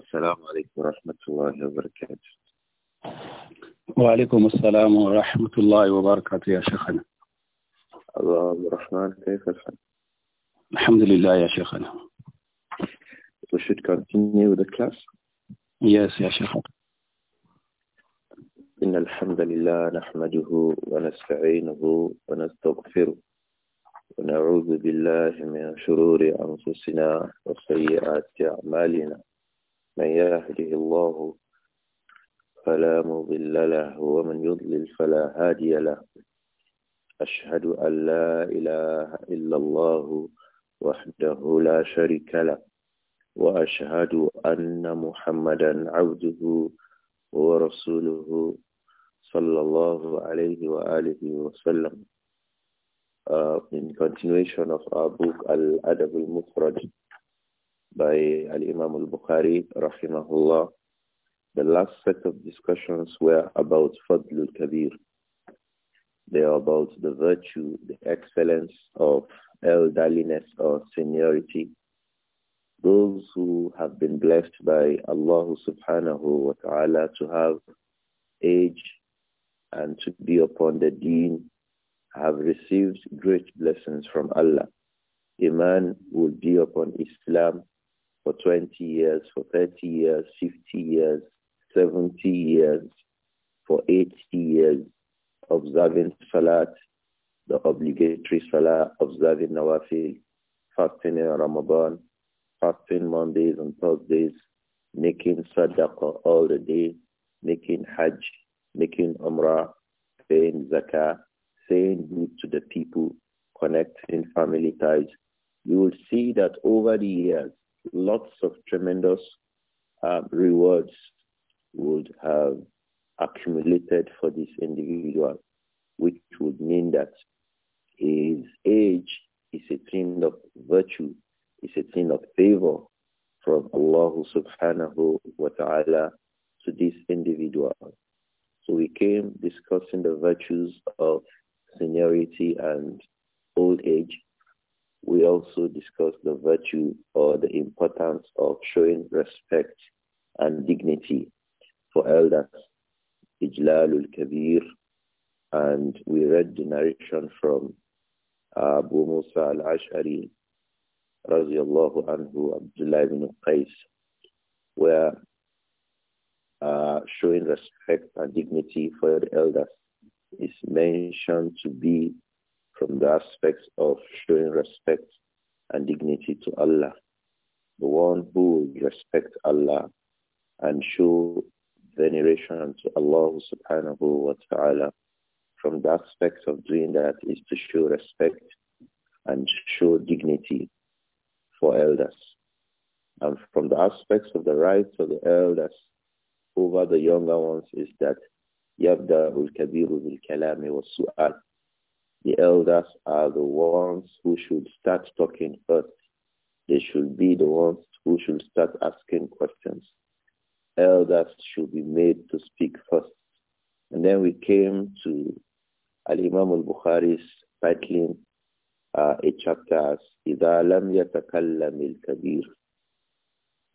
السلام عليكم ورحمة الله وبركاته وعليكم السلام ورحمة الله وبركاته يا شيخنا الله الرحمن كيف الحال الحمد لله يا شيخنا We should continue with the class Yes يا شيخنا إن الحمد لله نحمده ونستعينه ونستغفره ونعوذ بالله من شرور أنفسنا وسيئات أعمالنا من يهده الله فلا مضل له ومن يضلل فلا هادي له أشهد أن لا إله إلا الله وحده لا شريك له وأشهد أن محمدا عبده ورسوله صلى الله عليه وآله وسلم uh, in continuation of our book Al-Adab al-Mufrad by Al-Imam al-Bukhari, rahimahullah. The last set of discussions were about Al Kabir. They are about the virtue, the excellence of elderliness or seniority. Those who have been blessed by Allah subhanahu wa ta'ala to have age and to be upon the deen have received great blessings from Allah. Iman will be upon Islam for 20 years, for 30 years, 50 years, 70 years, for 80 years, observing Salat, the obligatory Salah, observing Nawafil, fasting in Ramadan, fasting Mondays and Thursdays, making Sadaqah all the day, making Hajj, making Umrah, paying Zakah, saying good to the people, connecting family ties. You will see that over the years, lots of tremendous uh, rewards would have accumulated for this individual, which would mean that his age is a thing of virtue, is a thing of favor from Allah subhanahu wa ta'ala to this individual. So we came discussing the virtues of seniority and old age we also discussed the virtue or the importance of showing respect and dignity for elders, Ijlalul Kabir, and we read the narration from Abu Musa al-Ash'ari, radiallahu anhu, Abdullah ibn Qais, where uh, showing respect and dignity for the elders is mentioned to be from the aspects of showing respect and dignity to Allah. The one who will respect Allah and show veneration to Allah subhanahu wa ta'ala from the aspect of doing that is to show respect and show dignity for elders. And from the aspects of the rights of the elders over the younger ones is that يبدأ الكبير بالكلام والسؤال the elders are the ones who should start talking first. They should be the ones who should start asking questions. Elders should be made to speak first. And then we came to Al-Imam al-Bukhari's titling uh, a chapter as إِذَا لَمْ يَتَكَلَّمِ الْكَبِيرُ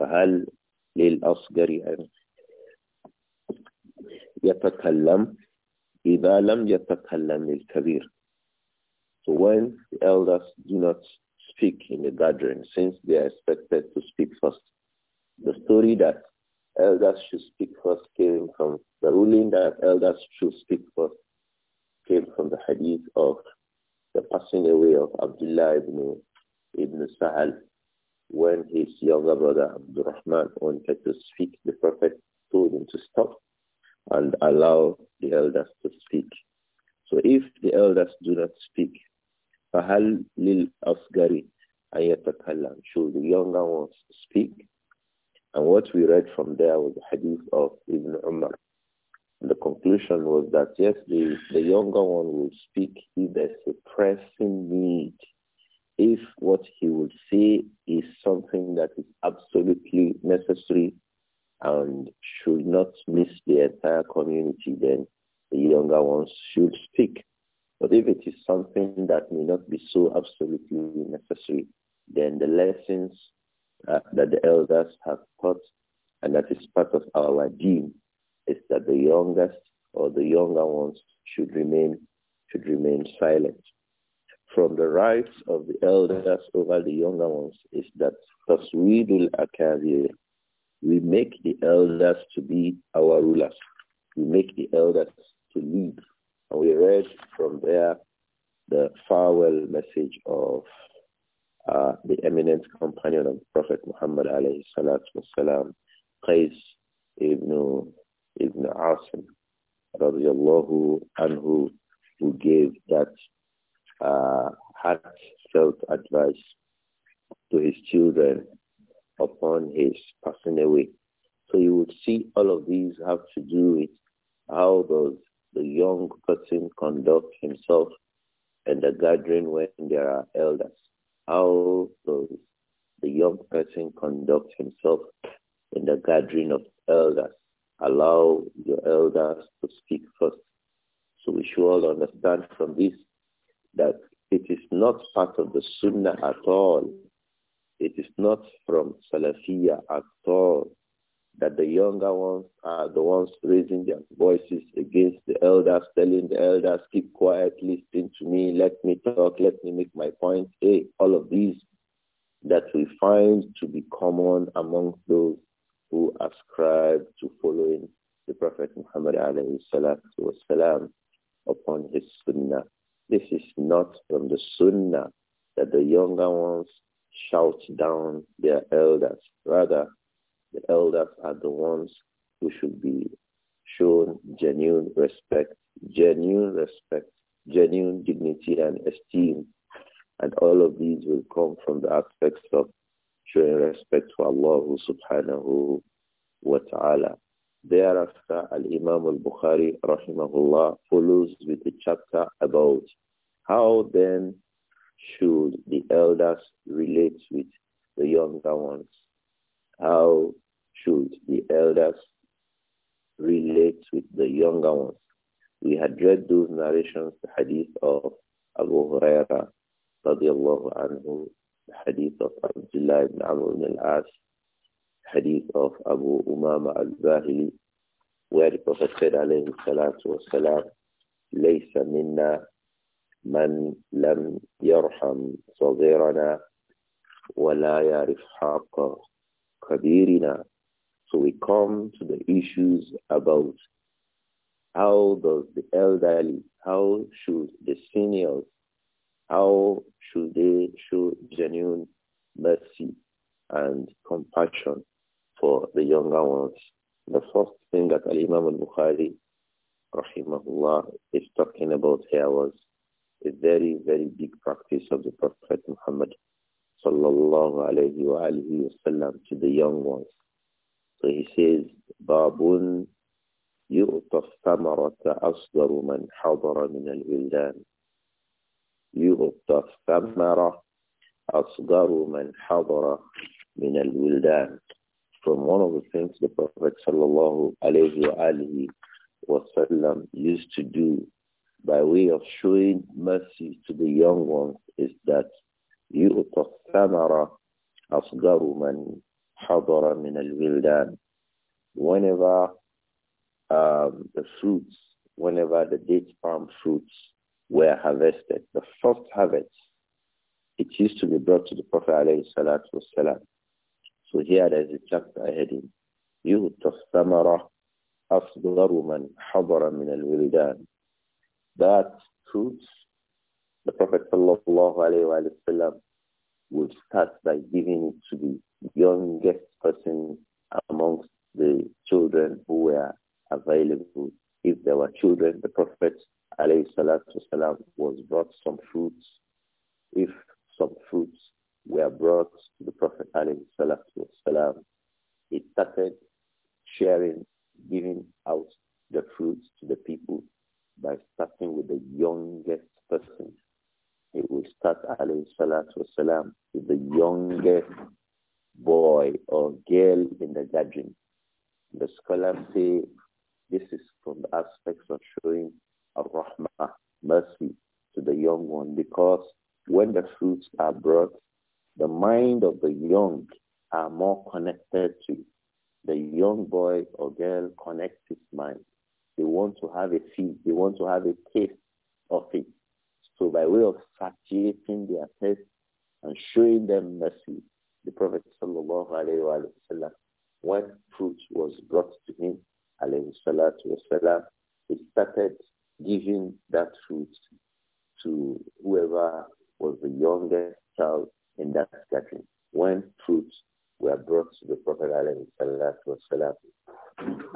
فَهَلْ لِلْأَصْغَرِ أَنْ يَتَكَلَّمْ إِذَا لَمْ يَتَكَلَّمِ الْكَبِيرُ so when the elders do not speak in the gathering, since they are expected to speak first, the story that elders should speak first came from the ruling that elders should speak first came from the hadith of the passing away of Abdullah ibn, ibn Sahal when his younger brother Abdurrahman wanted to speak, the Prophet told him to stop and allow the elders to speak. So if the elders do not speak, فَهَلْ لِلْأَصْغَرِ أَيَتَكَلَّمْ Should the younger ones speak? And what we read from there was the hadith of Ibn Umar. And the conclusion was that yes, the, the younger one will speak if there's a pressing need, if what he would say is something that is absolutely necessary and should not miss the entire community, then the younger ones should speak. But if it is something that may not be so absolutely necessary, then the lessons uh, that the elders have taught and that is part of our deen is that the youngest or the younger ones should remain should remain silent. From the rights of the elders over the younger ones is that taswidul akabir, we make the elders to be our rulers. We make the elders to lead we read from there the farewell message of uh, the eminent companion of Prophet Muhammad alayhi salatu wasalam, Qais ibn, ibn Asim radiallahu anhu, who gave that uh, heartfelt advice to his children upon his passing away. So you would see all of these have to do with how does the young person conduct himself in the gathering when there are elders? How does the young person conduct himself in the gathering of elders? Allow your elders to speak first. So we should all understand from this that it is not part of the sunnah at all. It is not from Salafiyah at all that the younger ones are the ones raising their voices against the elders, telling the elders, keep quiet, listen to me, let me talk, let me make my point. Hey, all of these that we find to be common amongst those who ascribe to following the Prophet Muhammad wasalam, upon his sunnah. This is not from the sunnah that the younger ones shout down their elders. Rather, the elders are the ones who should be shown genuine respect, genuine respect, genuine dignity and esteem. And all of these will come from the aspects of showing respect to Allah subhanahu wa ta'ala. Thereafter, Al-Imam al-Bukhari rahimahullah follows with a chapter about how then should the elders relate with the younger ones? How should the elders relate with the younger ones? We had read those narrations, the hadith of Abu Huraira, radiallahu anhu, the hadith of Abdullah ibn Amr ibn al-As, hadith of Abu Umama al-Bahili, where the Prophet said, alayhi salatu Salam, ليس منا من لم يرحم صغيرنا ولا يعرف حق كبيرنا so we come to the issues about how does the elderly, how should the seniors, how should they show genuine mercy and compassion for the younger ones? The first thing that Al-Imam al-Bukhari, rahimahullah, is talking about here was a very, very big practice of the Prophet Muhammad, sallallahu alayhi wa alayhi wa sallam, to the young ones. So he says, "باب يؤتى الثمرة أصدر من حضر من الولدان يؤتى الثمرة أصدر من حضر من الولدان From one of the things the Prophet sallallahu alayhi wa وسلم used to do by way of showing mercy to the young ones is that يؤتى الثمرة أصدر من حضر من الولدان whenever um, the fruits, whenever the date palm fruits were harvested, the first harvest, it used to be brought to the Prophet والسلام. So here there's a chapter heading, يُهْتَ الثَّمَرَةِ أَصْدَرُ مَنْ حَضَرَ مِنَ الْوِلْدَانِ That fruit, the Prophet sallallahu alayhi wa would start by giving it to the youngest person amongst the children who were available. If there were children, the Prophet والسلام, was brought some fruits. If some fruits were brought to the Prophet والسلام, he started sharing, giving out the fruits to the people by starting with the youngest person. He will start والسلام, with the youngest boy or girl in the garden. The scholars say this is from the aspects of showing a rahmah mercy to the young one because when the fruits are brought, the mind of the young are more connected to the young boy or girl connects his mind. They want to have a feel, They want to have a taste of it. So by way of satiating their taste and showing them mercy, the Prophet sallallahu when fruit was brought to him, alayhi he started giving that fruit to whoever was the youngest child in that gathering. When fruits were brought to the Prophet wasalam,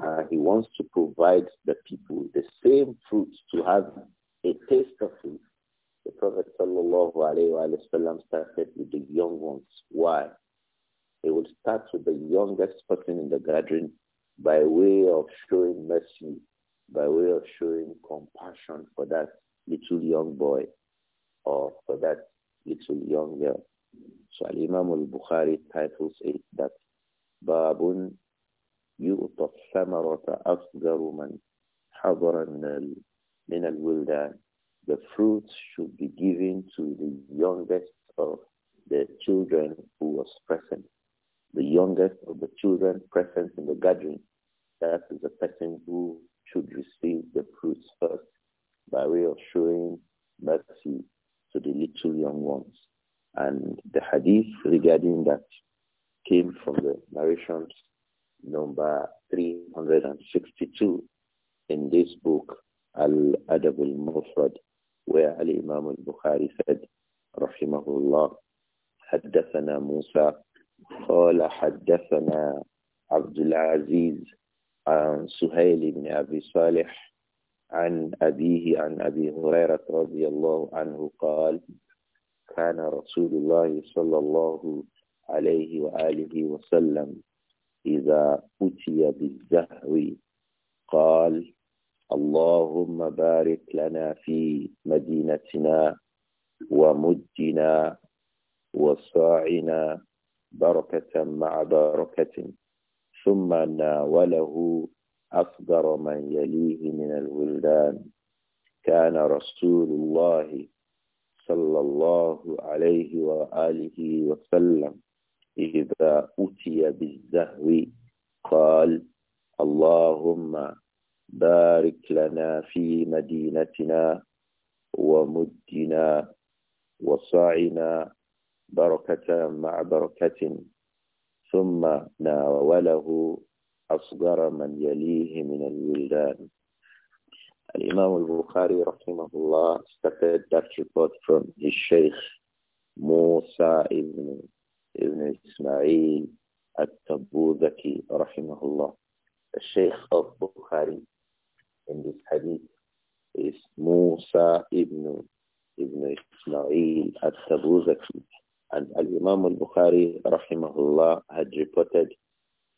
uh, he wants to provide the people the same fruits to have a taste of it Prophet sallallahu alayhi wa sallam started with the young ones. Why? He would start with the youngest person in the gathering by way of showing mercy, by way of showing compassion for that little young boy or for that little young girl. So imam al-Bukhari titles it that Babun يؤطى الثمرة أصغر من حضر من الولدان the fruits should be given to the youngest of the children who was present. The youngest of the children present in the gathering, that is the person who should receive the fruits first by way of showing mercy to the little young ones. And the hadith regarding that came from the narrations number 362 in this book, Al-Adab al-Mufrad where al البخاري رحمه الله حدثنا موسى قال حدثنا عبد العزيز عن سهيل بن أبي صالح عن أبيه عن أبي هريرة رضي الله عنه قال كان رسول الله صلى الله عليه وآله وسلم إذا أتي بالزهو قال اللهم بارك لنا في مدينتنا ومدنا وصاعنا بركة مع بركة ثم ناوله أصدر من يليه من الولدان كان رسول الله صلى الله عليه وآله وسلم إذا أتي بالزهو قال اللهم بارك لنا في مدينتنا ومدنا وصاعنا بركة مع بركة ثم ناوله أصغر من يليه من الولدان الإمام البخاري رحمه الله استفاد that report from his sheikh موسى ابن ابن إسماعيل التبوذكي رحمه الله الشيخ of Bukhari in this hadith is Musa ibn ibn Ismail al-Tabuzaki. And Al-Imam al-Bukhari, rahimahullah, had reported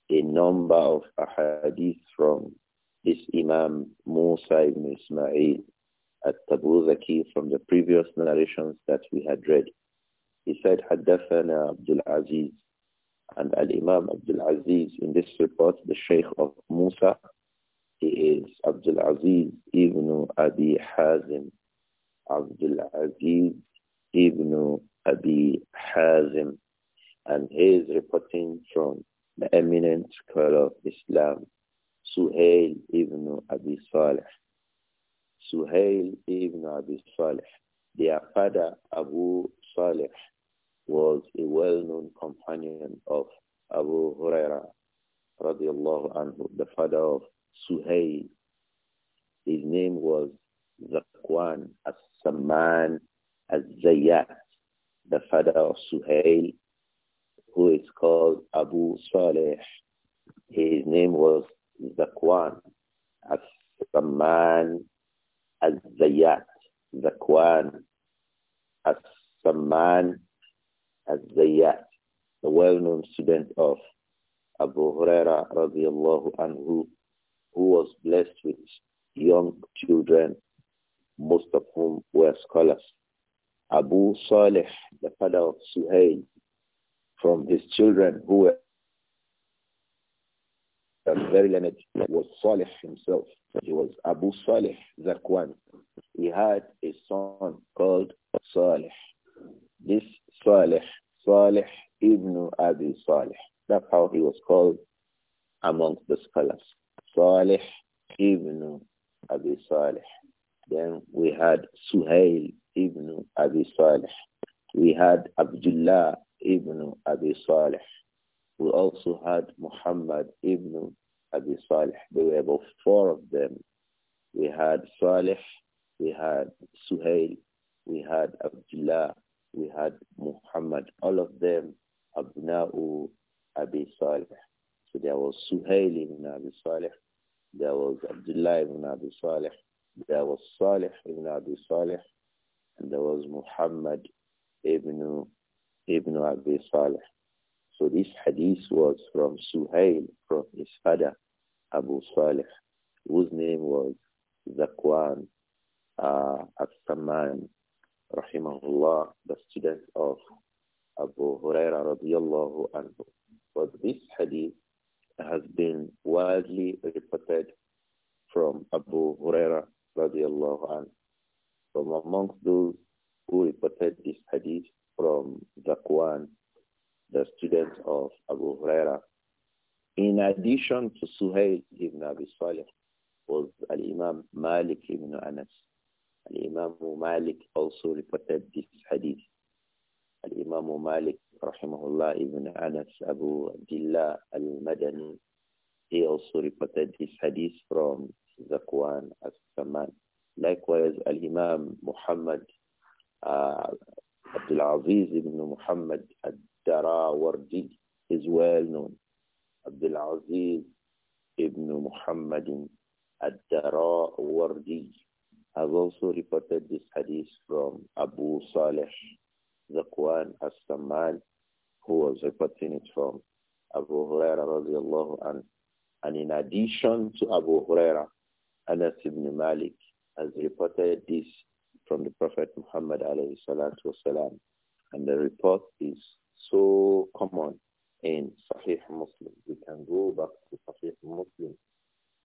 a number of hadiths from this Imam Musa ibn Ismail al-Tabuzaki from the previous narrations that we had read. He said, حدثنا Abdul Aziz. And Al-Imam Abdul Aziz, in this report, the Sheikh of Musa, he is Abdul Aziz ibn Abi Hazim. Abdul Aziz ibn Abi Hazim. And he is reporting from the eminent scholar of Islam, Suhail ibn Abi Saleh. Suhail ibn Abi Saleh. Their father, Abu Saleh, was a well-known companion of Abu Huraira, radiallahu anhu, the father of Suhail. His name was Zakwan as Saman as Zayat, the father of Suhail, who is called Abu Saleh. His name was Zakwan as Saman as Zayat, Zakwan as Saman as Zayat, the well-known student of Abu Huraira radiallahu anhu who was blessed with young children, most of whom were scholars. Abu Saleh, the father of Suhail, from his children who were very learned, was Saleh himself. He was Abu Saleh Zakwan. He had a son called Saleh. This Saleh, Saleh ibn Abi Saleh. That's how he was called amongst the scholars. Salih ibn Abi Salih. Then we had Suhail ibn Abi Salih. We had Abdullah ibn Abi Salih. We also had Muhammad ibn Abi Salih. There were about four of them. We had Salih, we had Suhail, we had Abdullah, we had Muhammad. All of them Abna'u Abi Salih. So there was Suhail ibn Abi Saleh. There was Abdullah ibn Abi Saleh. There was Saleh ibn Abi Saleh. And there was Muhammad ibn, ibn Abi Saleh. So this hadith was from Suhail, from his father, Abu Saleh, whose name was Zakwan uh, As-Saman, rahimahullah, the student of Abu Huraira radiallahu anhu. But this hadith has been widely reported from Abu Huraira radiallahu anhu. From amongst those who reported this hadith from Zakwan, the students of Abu Huraira, in addition to Suhail ibn Abi Salih, was Al-Imam Malik ibn Anas. Al-Imam Malik also reported this hadith. Al-Imam Malik rahimahullah, Ibn Anas Abu Abdullah al-Madani, he also reported this hadith from Zakwan as-Saman. Likewise, Al-Imam Muhammad uh, Abdul Aziz ibn Muhammad al-Darawardi is well known. Abdul Aziz ibn Muhammad al-Darawardi has also reported this hadith from Abu Saleh Zakwan as-Saman who was reporting it from Abu Huraira radiallahu anhu. And in addition to Abu Huraira, Anas ibn Malik has reported this from the Prophet Muhammad alayhi salatu wasalam. And the report is so common in Sahih Muslim. We can go back to Sahih Muslim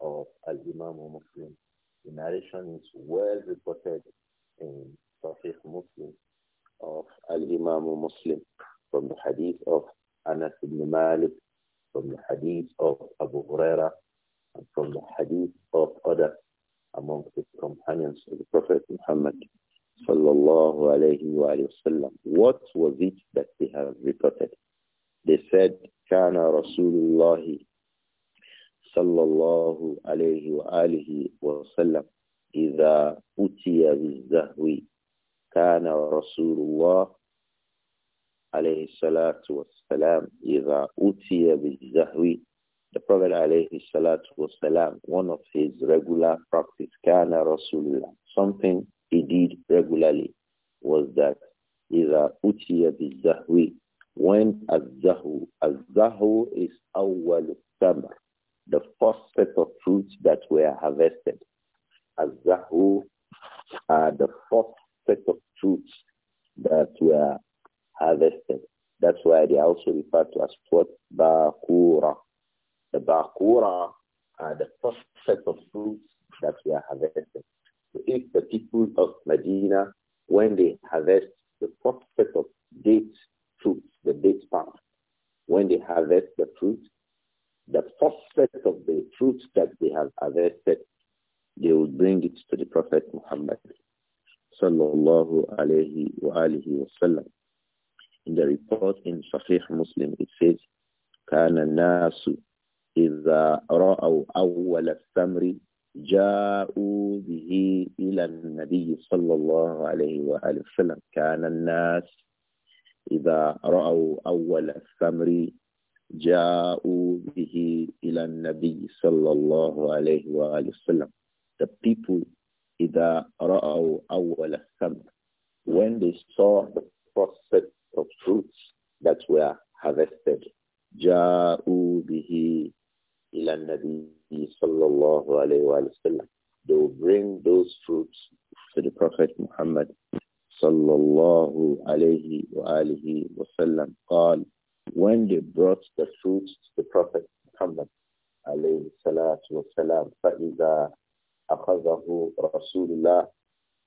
of Al-Imam Muslim. The narration is well reported in Sahih Muslim of Al-Imam Muslim from the hadith of Anas ibn Malik, from the hadith of Abu Huraira, and from the hadith of others among the companions of the Prophet Muhammad sallallahu alayhi wa sallam. What was it that they have reported? They said, كان رسول الله صلى الله عليه وآله وسلم إذا أتي بالزهو كان رسول الله alayhi salatu wasalam, إِذَا أُتِيَ بِالزَّهْوِ The Prophet alayhi salatu wasalam, one of his regular practice, كَانَ رَسُولُ اللَّهِ Something he did regularly was that إِذَا أُتِيَ بِالزَّهْوِ When الزَّهْوُ الزَّهْوُ is أول التمر the first set of fruits that were harvested. Azahu are the first set of fruits that were harvesting. That's why they also refer to as what? Bakura. The Bakura are the first set of fruits that we are harvested. So if the people of Medina, when they harvest the first set of dates fruits, the date palm, when they harvest the fruit, the first set of the fruits that they have harvested, they will bring it to the Prophet Muhammad sallallahu alayhi wa alihi wa sallam. In the report in Sahih Muslim, it says, كان الناس إذا رأوا أول الثمر جاءوا به إلى النبي صلى الله عليه وآله وسلم كان الناس إذا رأوا أول الثمر جاءوا به إلى النبي صلى الله عليه وآله وسلم The people إذا رأوا أول الثمر When they saw the first of fruits that were harvested. جاءوا به النبي صلى الله عليه وسلم. They will bring those fruits to the Prophet Muhammad صلى الله عليه وآله وسلم قال when they brought the fruits to the Prophet Muhammad عليه الصلاة والسلام فإذا أخذه رسول الله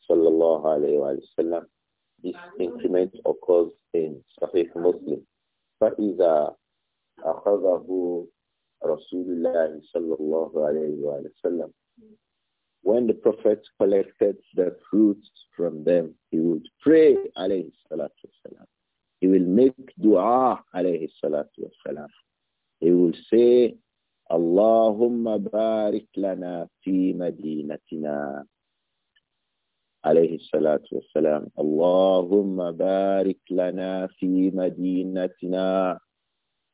صلى الله عليه وآله وسلم this increment occurs in Sahih Muslim. فَإِذَا أَخَذَهُ رَسُولُ اللَّهِ صَلَّى اللَّهُ عَلَيْهِ وَسَلَّمَ When the Prophet collected the fruits from them, he would pray, alayhi salatu wasalam. He will make dua, alayhi salatu wasalam. He will say, اللهم بارك لنا في مدينتنا عليه الصلاة والسلام اللهم بارك لنا في مدينتنا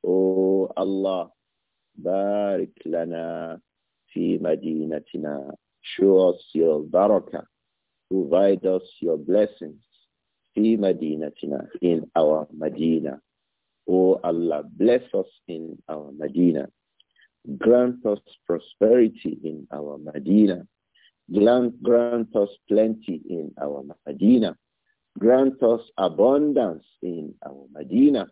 Oh Allah, barik lana fi madinatina. Show us your barakah. Provide us your blessings fi madinatina, in our Medina. O Allah, bless us in our Medina. Grant us prosperity in our Medina. Grant, grant us plenty in our Medina. Grant us abundance in our Medina.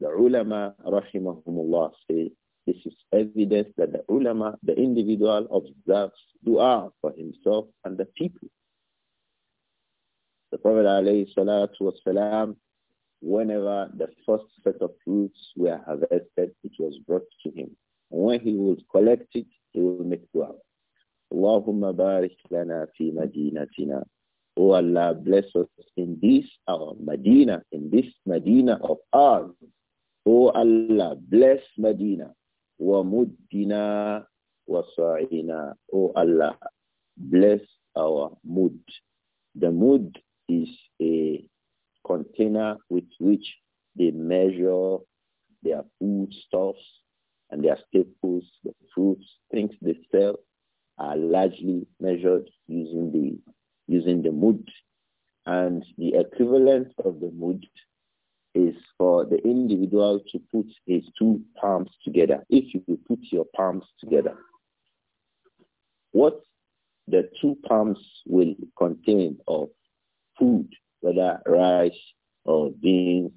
The ulama, rahimahumullah, say this is evidence that the ulama, the individual, observes dua for himself and the people. The Prophet والسلام, whenever the first set of fruits were harvested, it was brought to him. And when he would collect it, he would make dua. Allahumma barik lana fi madinatina. Oh Allah, bless us in this our Medina, in this Medina of ours. Oh Allah, bless Medina. Wa muddina wa sa'ina. Oh Allah, bless our mood. The mood is a container with which they measure their foodstuffs and their staples, the fruits, things they sell, are largely measured using the using the mood, and the equivalent of the mood is for the individual to put his two palms together. If you put your palms together, what the two palms will contain of food, whether rice or beans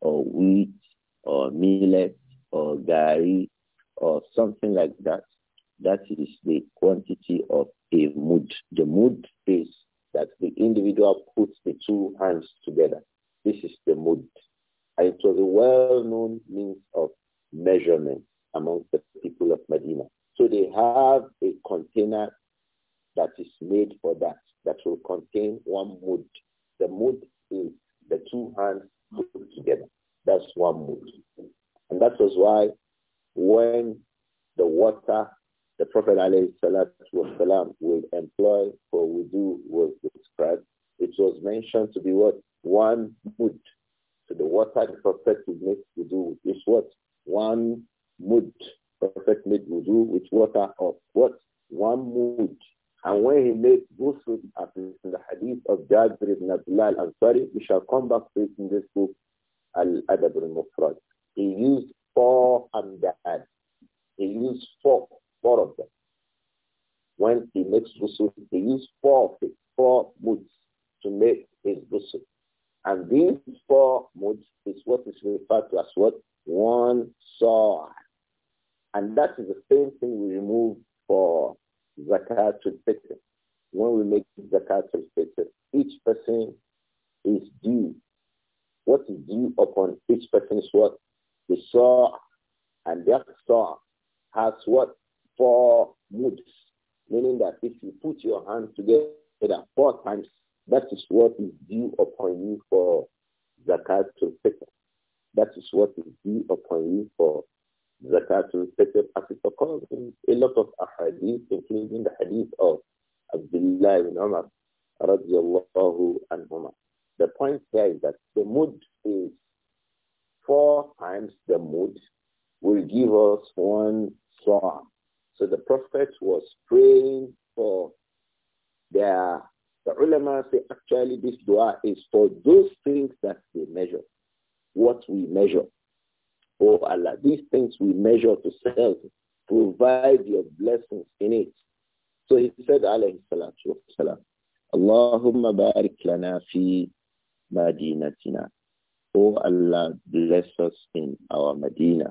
or wheat or millet or gari or something like that, that is the quantity of a mood. The mood is that the individual puts the two hands together. This is the mood, And it was a well-known means of measurement amongst the people of Medina. So they have a container that is made for that, that will contain one mood. The mood is the two hands put together. That's one mood, And that was why when the water the Prophet والسلام, will employ for wudu was described. It was mentioned to be what? One mud. So the water the Prophet would make wudu is what? One mud. Prophet made wudu with water of what? One mud. And when he made ghusl, as in the hadith of Jabir ibn Abdullah al-Ansari, we shall come back to it in this book, Al-Adab al-Mufrad. He used four ad. He used four four of them. When he makes rusul, he uses four, of four moods to make his rusul. And these four moods is what is referred to as what? One saw. And that is the same thing we remove for zakat to fitr. When we make zakat to fitr, each person is due. What is due upon each person is what? The saw. And that saw has what? four moods, meaning that if you put your hands together four times, that is what is due upon you for zakat to fitr. That is what is due upon you for zakatul fitr as it occurs in a lot of hadith, including the hadith of Abdullah ibn Umar radiallahu anhu. The point here is that the mood is four times the mood will give us one song. So the Prophet was praying for their, the ulama say actually this dua is for those things that they measure, what we measure. Oh Allah, these things we measure to self, provide your blessings in it. So he said, alayhi salatu wasalam, Allahumma barik lana fi madinatina. Oh Allah, bless us in our Medina.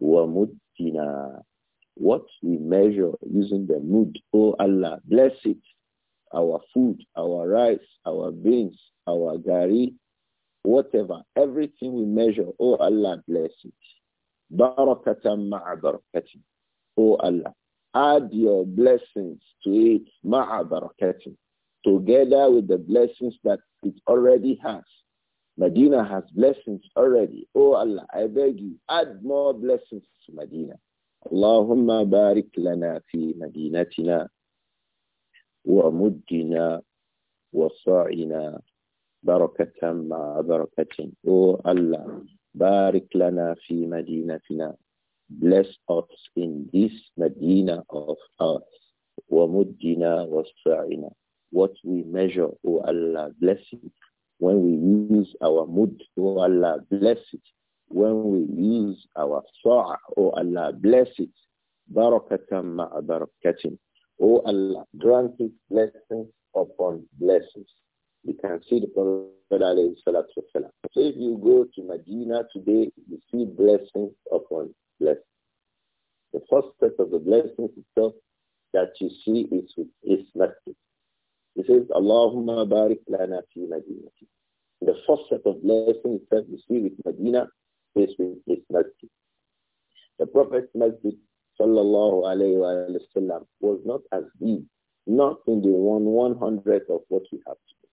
Wa muddina what we measure using the mood, oh Allah, bless it, our food, our rice, our beans, our gari, whatever, everything we measure, oh Allah, bless it. Barakatan ma'abarakatin. Oh Allah, add your blessings to it, ma'abarakatin, together with the blessings that it already has. Medina has blessings already. Oh Allah, I beg you, add more blessings to Medina. اللهم بارك لنا في مدينتنا ومدنا وصاعنا بركة مع بركة O Allah بارك لنا في مدينتنا bless us in this Medina of us ومدنا وصاعنا what we measure O Allah bless it when we use our mud O Allah bless it when we use our sa'a, oh Allah, bless it. Barakatam ma'a barakatim. Oh Allah, grant it blessings upon blessings. You can see the Prophet alayhi salatu wasalam. So if you go to Medina today, you see blessings upon blessings. The first set of the blessings itself that you see is with is masjid. It says, Allahumma barik lana fi Medina. The first set of blessings that you see with Medina face with his masjid. The Prophet's mercy, sallallahu alayhi wa was not as big, not in the one one hundredth of what we have today.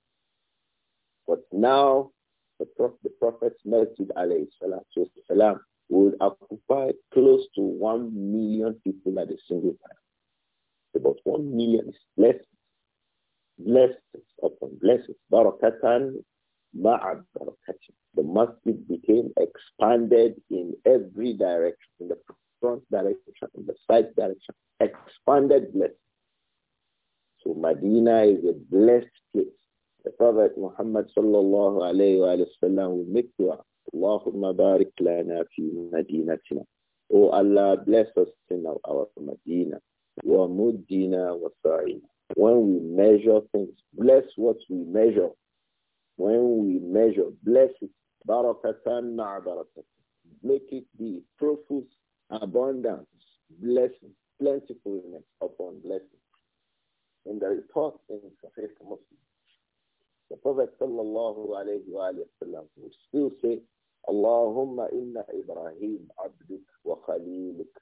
But now, the, the Prophet's mercy, alayhi salatu salam, would occupy close to one million people at a single time. About one million is blessings, blessings upon blessings, barakatan Barakati. The masjid became expanded in every direction, in the front direction, in the side direction, expanded blessing. So Medina is a blessed place. The Prophet Muhammad sallallahu alayhi wa sallam will make dua. Allahumma barik lana fi madinatina. O Allah, bless us in our, Medina. Wa muddina wa When we measure things, bless what we measure. When we measure, bless it, barakatan na'barakat. Make it be fruitful, abundance, blessing, plentifulness upon blessing. In the report in Sahih Muslim, the Prophet sallallahu alayhi wa sallam would still say, Allahumma inna Ibrahim abduk wa khaliluk.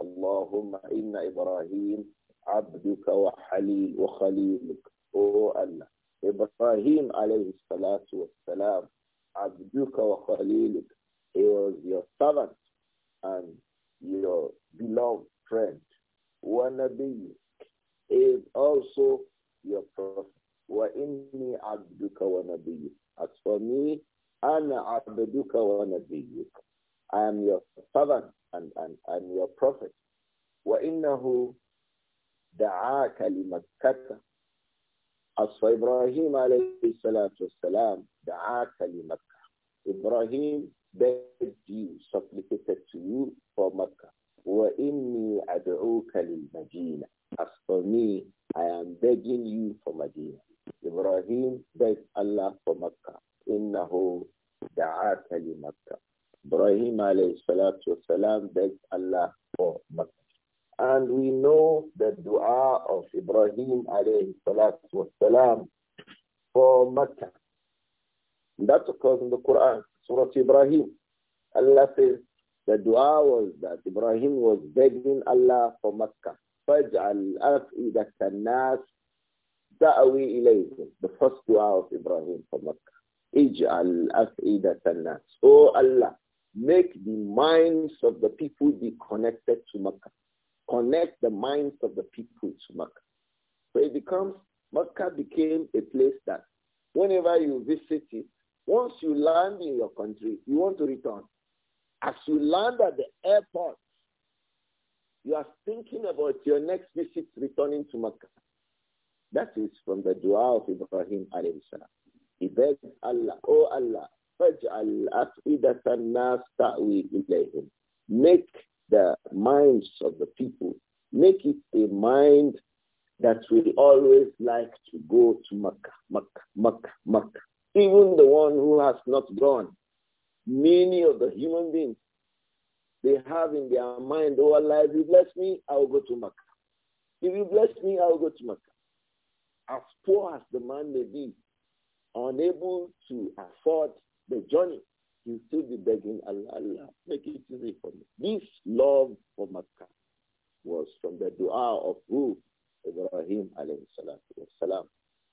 Allahumma inna Ibrahim abduka wa halil wa khaliluk. oh Allah, Ibrahim alayhi salatu wassalam, Abduka wa Khaliluk, he was your servant and your beloved friend. He is also your prophet. Wa inni abduka wa nabiyuk. As for me, ana abduka wa nabiyuk. I am your servant and, and, and your prophet. Wa innahu da'aka limakkata as for Ibrahim alayhi salatu wasalam, da'aka li Makkah. Ibrahim begged you, supplicated to you for Makkah. وَإِنِّي أَدْعُوكَ لِلْمَدِينَ As for me, I am begging you for Medina. Ibrahim begged Allah for Makkah. إِنَّهُ دَعَاكَ لِمَكَّةِ Ibrahim alayhi salatu wasalam begged Allah for Makkah. And we know the dua of Ibrahim alayhi salatu wasalam for Mecca. that occurs in the Quran, Surah Ibrahim. Allah says the dua was that Ibrahim was begging Allah for Mecca. فَاجْعَلْ أَفْئِدَةَ النَّاسِ تَأْوِي إِلَيْهِمْ The first dua of Ibrahim for Mecca. اجعل أفئدة الناس. Oh Allah, make the minds of the people be connected to Mecca connect the minds of the people to Mecca. So it becomes, Mecca became a place that whenever you visit it, once you land in your country, you want to return. As you land at the airport, you are thinking about your next visit returning to Mecca. That is from the dua of Ibrahim alayhi salam. He begged Allah, O oh Allah, فَاجْعَلْ أَفْئِدَةَ النَّاسِ تَعْوِي إِلَيْهِمْ Make the minds of the people. Make it a mind that will always like to go to Makkah, Makkah, Makkah, Makkah. Even the one who has not gone. Many of the human beings, they have in their mind, oh Allah, if you bless me, I will go to Makkah. If you bless me, I will go to Makkah. As poor as the man may be, unable to afford the journey, you still be begging Allah, Allah, make it easy for me. This love for Makkah was from the dua of who? Ibrahim alayhi salatu wasalam.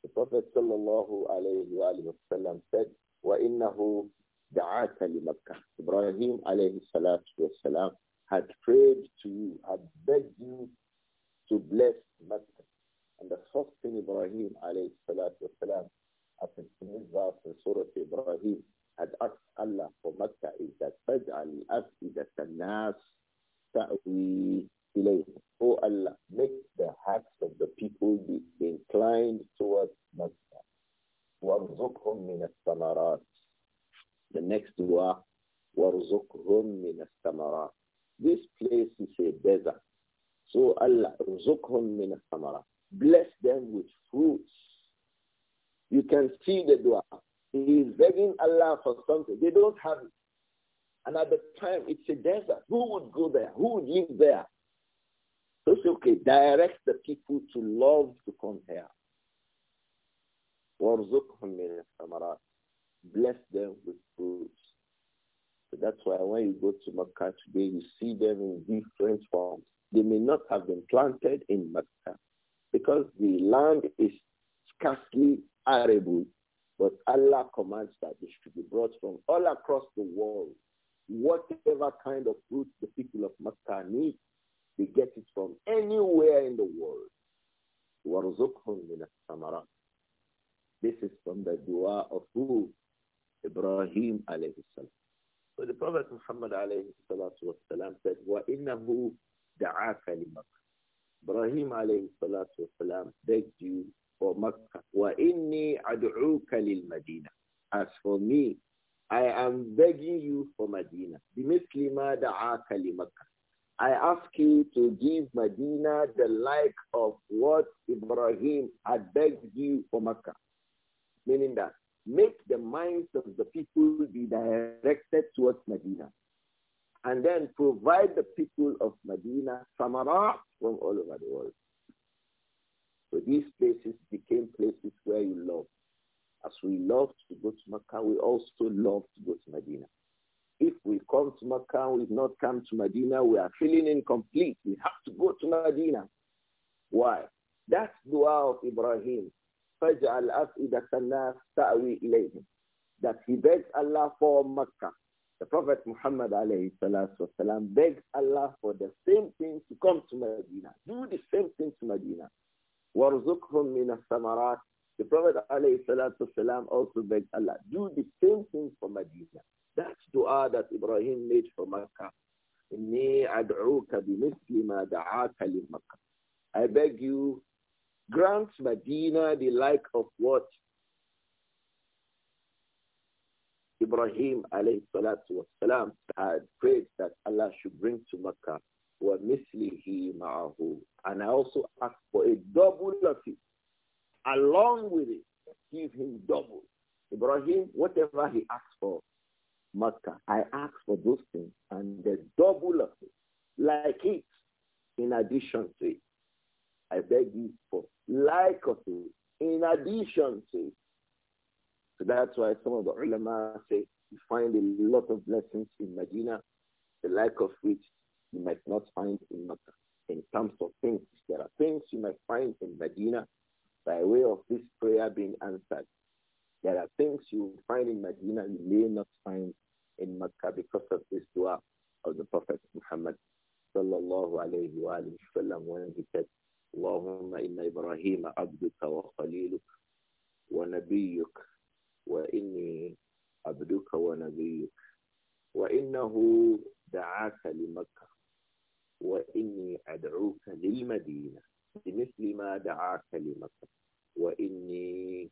The Prophet sallallahu alayhi wa, said, wa sallam said, وَإِنَّهُ دَعَاكَ لِمَكَّةِ Ibrahim alayhi salatu wasalam had prayed to you, had begged you to bless Makkah. And the first thing Ibrahim alayhi salatu wasalam, as verse in Surah Ibrahim, had asked Allah for Makkah is that فَاجْعَلْ أَفْئِدَةَ النَّاسِ تَأْوِي إِلَيْهِ O oh Allah, make the hearts of the people be inclined towards Makkah. وَارْزُقْهُمْ مِنَ الثَّمَرَاتِ The next dua, وَارْزُقْهُمْ مِنَ الثَّمَرَاتِ This place is a desert. So Allah, رُزُقْهُمْ مِنَ الثَّمَرَاتِ Bless them with fruits. You can see the dua. He is begging Allah for something. They don't have it. And at the time, it's a desert. Who would go there? Who would live there? So it's okay. Direct the people to love to come here. Bless them with fruits. So that's why when you go to Makkah today, you see them in different forms. They may not have been planted in Makkah because the land is scarcely arable but Allah commands that they should be brought from all across the world. Whatever kind of fruit the people of Makkah need, they get it from anywhere in the world. This is from the dua of who? Ibrahim alayhi salam. So the Prophet Muhammad alayhi salatu wasalam said, وَإِنَّهُ دَعَاكَ لِمَكَّةِ Ibrahim alayhi salatu wasalam begged you for Makkah. وَإِنِّي أَدْعُوكَ As for me, I am begging you for Medina. بِمِثْلِ مَا دَعَاكَ لِمَكَّةِ I ask you to give Medina the like of what Ibrahim had begged you for Makkah. Meaning that make the minds of the people be directed towards Medina. And then provide the people of Medina samara from all over the world. So these places became places where you love. As we love to go to Mecca, we also love to go to Medina. If we come to Mecca, we've not come to Medina, we are feeling incomplete. We have to go to Medina. Why? That's dua of Ibrahim. That he begs Allah for Mecca. The Prophet Muhammad والسلام, begs Allah for the same thing to come to Medina. Do the same thing to Medina. وَارْزُقْهُمْ مِنَ الثَّمَرَاتِ The Prophet والسلام, also begged Allah, do the same thing for Medina. That's dua that Ibrahim made for Makkah. إِنِّي أَدْعُوكَ بِمِثْلِ مَا دَعَاكَ لِمَكَّةِ I beg you, grant Medina the like of what Ibrahim alayhi had prayed that Allah should bring to Makkah and I also ask for a double of it. Along with it, give him double. Ibrahim, whatever he asked for, Makkah, I ask for those things and the double of it, like it, in addition to it. I beg you for like of it, in addition to it. So that's why some of the ulama say you find a lot of blessings in Medina, the like of which you might not find in Makkah in terms of things. There are things you might find in Medina by way of this prayer being answered. There are things you find in Medina you may not find in Makkah because of this dua of the Prophet Muhammad sallallahu alayhi wa sallam when he said, "Allahumma inna Ibrahim abduka wa wa إن wa inni abduka wa وإني wa innahu وإنه دعاك Makkah." وإني أدعوك للمدينة بمثل ما دعاك لمكة وإني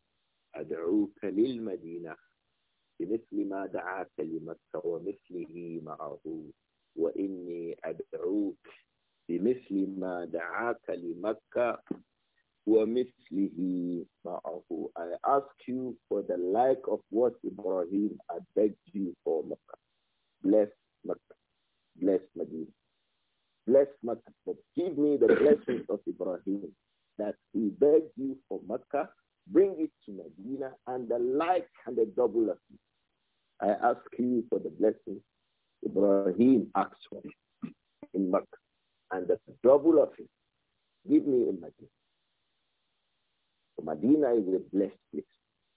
أدعوك للمدينة بمثل ما دعاك لمكة ومثله معه وإني أدعوك بمثل ما دعاك لمكة ومثله معه I ask you for the like of what Ibrahim I begged you for Mecca. Bless Mecca. Bless Medina bless Makkah, but give me the blessings of Ibrahim that he begged you for Makkah, bring it to Medina and the like and the double of it. I ask you for the blessings Ibrahim asked for in Makkah and the double of it. Give me in Medina. So Medina is a blessed place.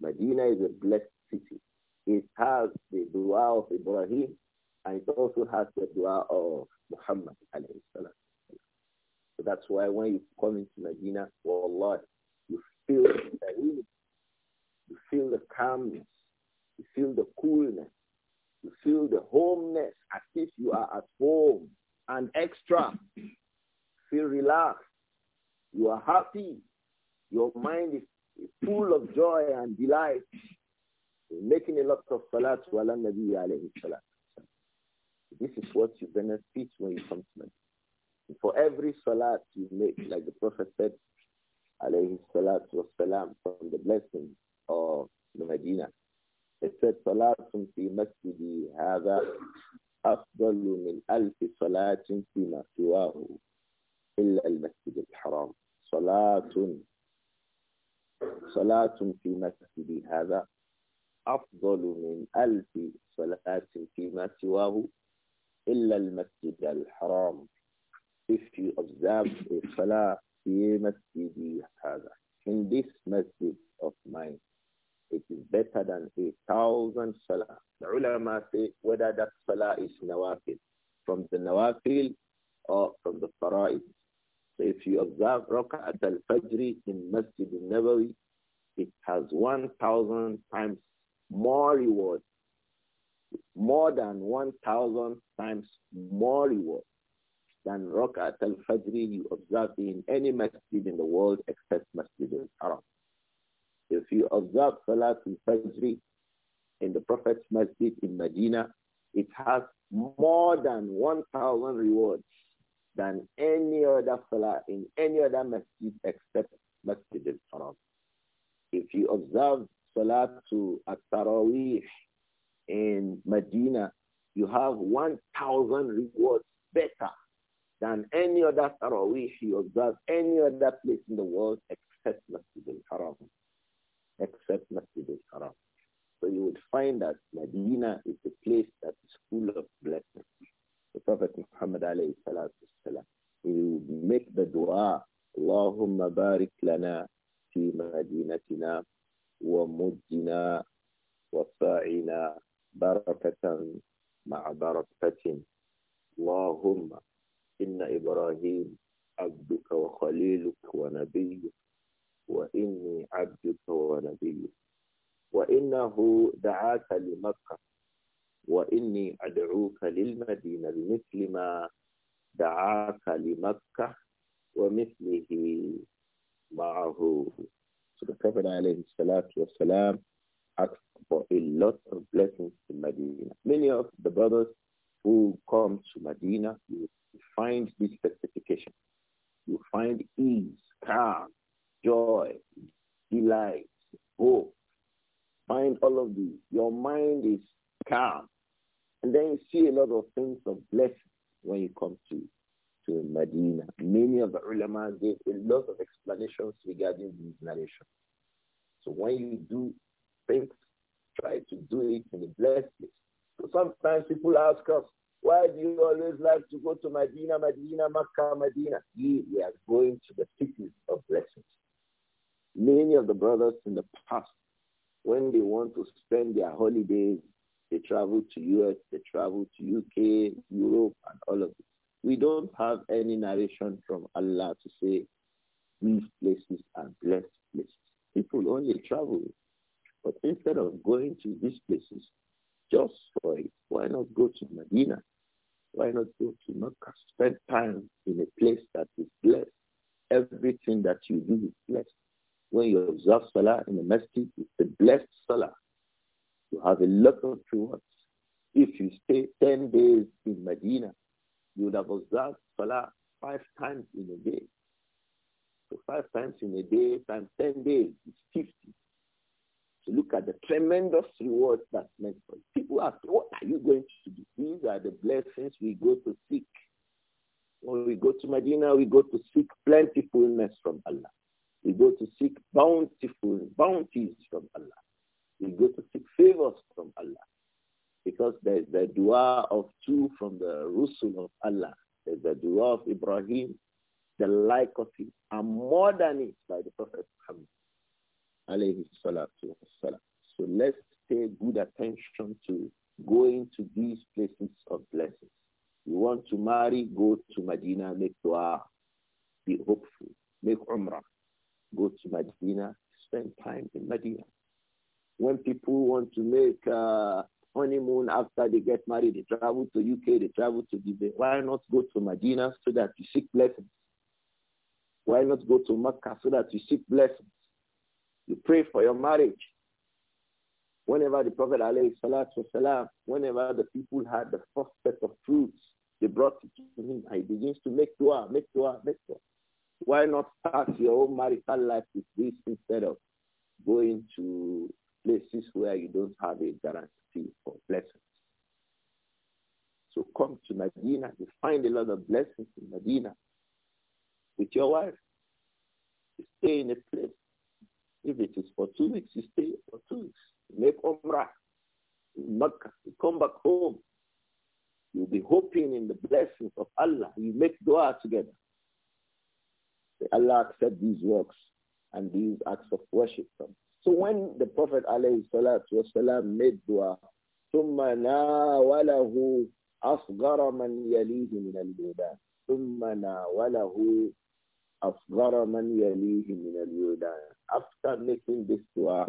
Medina is a blessed city. It has the dua of Ibrahim and it also has the dua of Muhammad alayhi salam. So that's why when you come into Medina, Wallah, you feel the you feel the calmness, you feel the coolness, you feel the homeness as if you are at home and extra. You feel relaxed. You are happy. Your mind is full of joy and delight. You're making a lot of salat to Allah Nabi alayhi salam. This is what you benefit when you come to me. For every salat you make, like the Prophet said, alayhi salat was salam, from the blessing of the Medina. It said, salatun fi masjidi hadha afdalu min alfi salatin fi ma siwahu illa al-masjid al-haram. Salatun صلاة في مسجدي هذا أفضل من ألف صلاة فيما سواه إلا المسجد الحرام if you observe a salah في مسجد هذا in this masjid of mine it is better than a thousand salah the ulama say whether that salah is nawafil from the nawafil or from the fara'id so if you observe rakaat al-fajr in masjid al-nabawi it has 1000 times more reward more than 1,000 times more reward than Rakat al-Fajr you observe in any masjid in the world except Masjid al-Haram. If you observe Salat al-Fajr in the Prophet's Masjid in Medina, it has more than 1,000 rewards than any other Salah in any other masjid except Masjid al-Haram. If you observe Salat to at-Tarawih in Medina, you have 1,000 rewards better than any other Taraweeh you observe any other place in the world except Masjid al-Haram. Except Masjid al-Haram. So you would find that Medina is a place that is full of blessings. The Prophet Muhammad alayhi salatu wasalam, he would make the dua, Allahumma barik lana fi madinatina wa mujjina wa sa'ina بركة مع بركة اللهم إن إبراهيم عبدك وخليلك ونبيك وإني عبدك ونبيك وإنه دعاك لمكة وإني أدعوك للمدينة بمثل ما دعاك لمكة ومثله معه. So the عليه الصلاة والسلام for a lot of blessings in Medina. Many of the brothers who come to Medina, you find this specification. You find ease, calm, joy, delight, hope. Find all of these. Your mind is calm. And then you see a lot of things of blessings when you come to, to Medina. Many of the ulama gave a lot of explanations regarding these narrations. So when you do things. Try to do it in a blessed place. So sometimes people ask us, why do you always like to go to Medina, Medina, Makkah, Medina? We, we are going to the cities of blessings. Many of the brothers in the past, when they want to spend their holidays, they travel to US, they travel to UK, Europe, and all of it. We don't have any narration from Allah to say these places are blessed places. People only travel but instead of going to these places just for it, why not go to Medina? Why not go to Mecca? Spend time in a place that is blessed. Everything that you do is blessed. When you observe Salah in the mosque, it's a blessed Salah. You have a lot of rewards. If you stay 10 days in Medina, you would have observed Salah five times in a day. So five times in a day times 10 days is 50 to look at the tremendous reward that's meant for you. People ask, what are you going to do? These are the blessings we go to seek. When we go to Medina, we go to seek plentifulness from Allah. We go to seek bountiful bounties from Allah. We go to seek favors from Allah. Because there's the dua of two from the Rusul of Allah. There's the dua of Ibrahim, the like of him, and more than it by the Prophet Muhammad alayhi salatu wasalam. So let's pay good attention to going to these places of blessings. You want to marry, go to Medina, make dua, be hopeful, make umrah, go to Medina, spend time in Medina. When people want to make uh, honeymoon after they get married, they travel to UK, they travel to Dubai. Why not go to Medina so that you seek blessings? Why not go to Mecca so that you seek blessings? You pray for your marriage. Whenever the Prophet والسلام, whenever the people had the first set of fruits, they brought it to him and he begins to make dua, make dua, make dua. Why not start your own marital life with this instead of going to places where you don't have a guarantee for blessings? So come to Medina. You find a lot of blessings in Medina with your wife. You stay in a place if it is for two weeks, you stay for two weeks. Make Umrah. Makkah. You come back home. You'll be hoping in the blessings of Allah. You make dua together. Say, Allah accept these works and these acts of worship. So when the Prophet والسلام, made dua, ثم ناوله أصغر من يليه من الْيُودَانِ ثم ناوله أصغر من يليه من الْيُودَانِ after making this dua,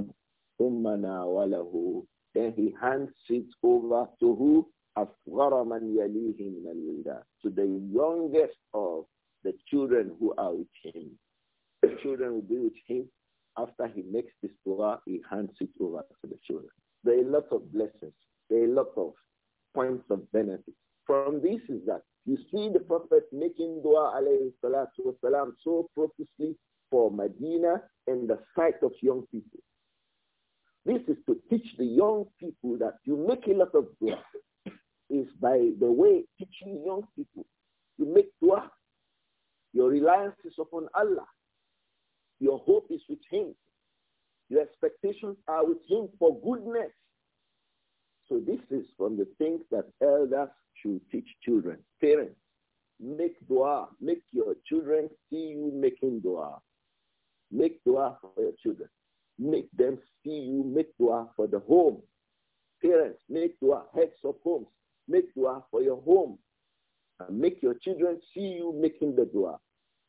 then he hands it over to who? أصغر من يليه to the youngest of the children who are with him. The children will be with him after he makes this dua, he hands it over to the children. There are a lot of blessings. There are a lot of points of benefit. From this is that you see the Prophet making dua alayhi salatu wasalam so profusely for Medina in the sight of young people. This is to teach the young people that you make a lot of dua. Is by the way teaching young people. You make dua. Your reliance is upon Allah. Your hope is with Him. Your expectations are with Him for goodness. So this is from the things that elders should teach children. Parents, make dua. Make your children see you making dua. Make dua for your children. Make them see you. Make dua for the home. Parents, make dua. Heads of homes, make dua for your home. And make your children see you making the dua.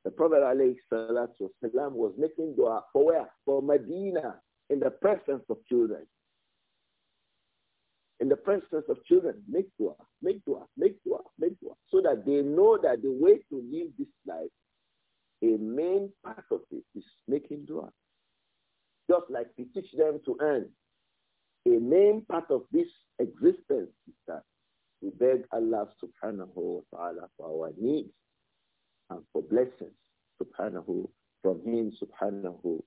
The Prophet والسلام, was making dua for where? For Medina in the presence of children. In the presence of children, make dua, make dua, make dua, make dua, so that they know that the way to live this life a main part of it is making dua. Just like we teach them to earn. A main part of this existence is that we beg Allah subhanahu wa ta'ala for our needs and for blessings subhanahu from him subhanahu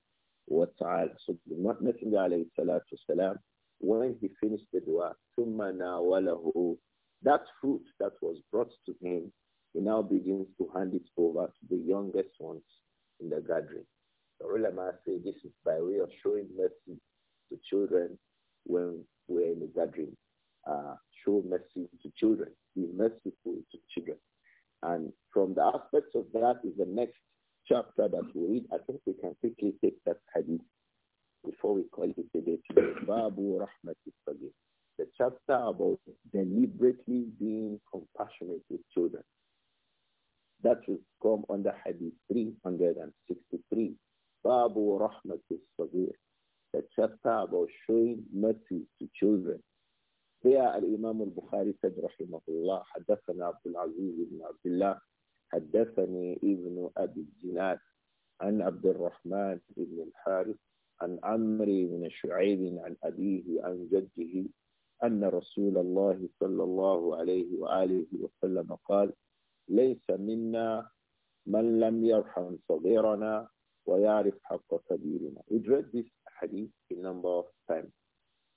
wa ta'ala. So the Messenger alayhi salatu salam, when he finished the dua, ثُمَّ نَاوَلَهُ That fruit that was brought to him he now begins to hand it over to the youngest ones in the gathering. The ulama say this is by way of showing mercy to children when we're in the gathering. Uh, show mercy to children. Be merciful to children. And from the aspects of that is the next chapter that we read. I think we can quickly take that hadith before we call it a day today. Babu The chapter about deliberately being compassionate with children. That will come under Hadith 363. Babu Rahmatul Sabir. The chapter about showing mercy to children. There الإمام البخاري said رحمه الله حدثنا عبد العزيز بن عبد الله حدثني ابن أبي الزناد عن عبد الرحمن بن الحارث عن عمرو بن شعيب عن أبيه عن جده أن رسول الله صلى الله عليه وآله وسلم قال ليس منا من لم يرحم صغيرنا ويعرف حق كبيرنا. We read this hadith a number of times.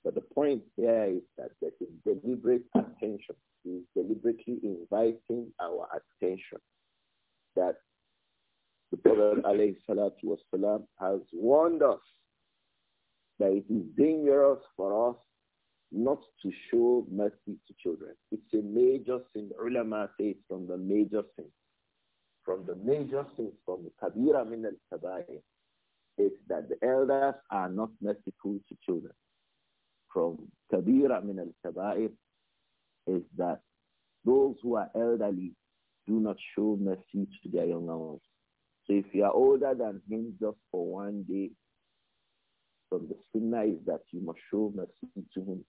But the point here is that there is deliberate attention. He is deliberately inviting our attention that the Prophet has warned us that it is dangerous for us not to show mercy to children. It's a major sin. Ulama say it's from the major sins. From the major sins, from the kabira min al is that the elders are not merciful to children. From kabira min al is that those who are elderly do not show mercy to their younger ones. So if you are older than him just for one day, from the sunnah is that you must show mercy to him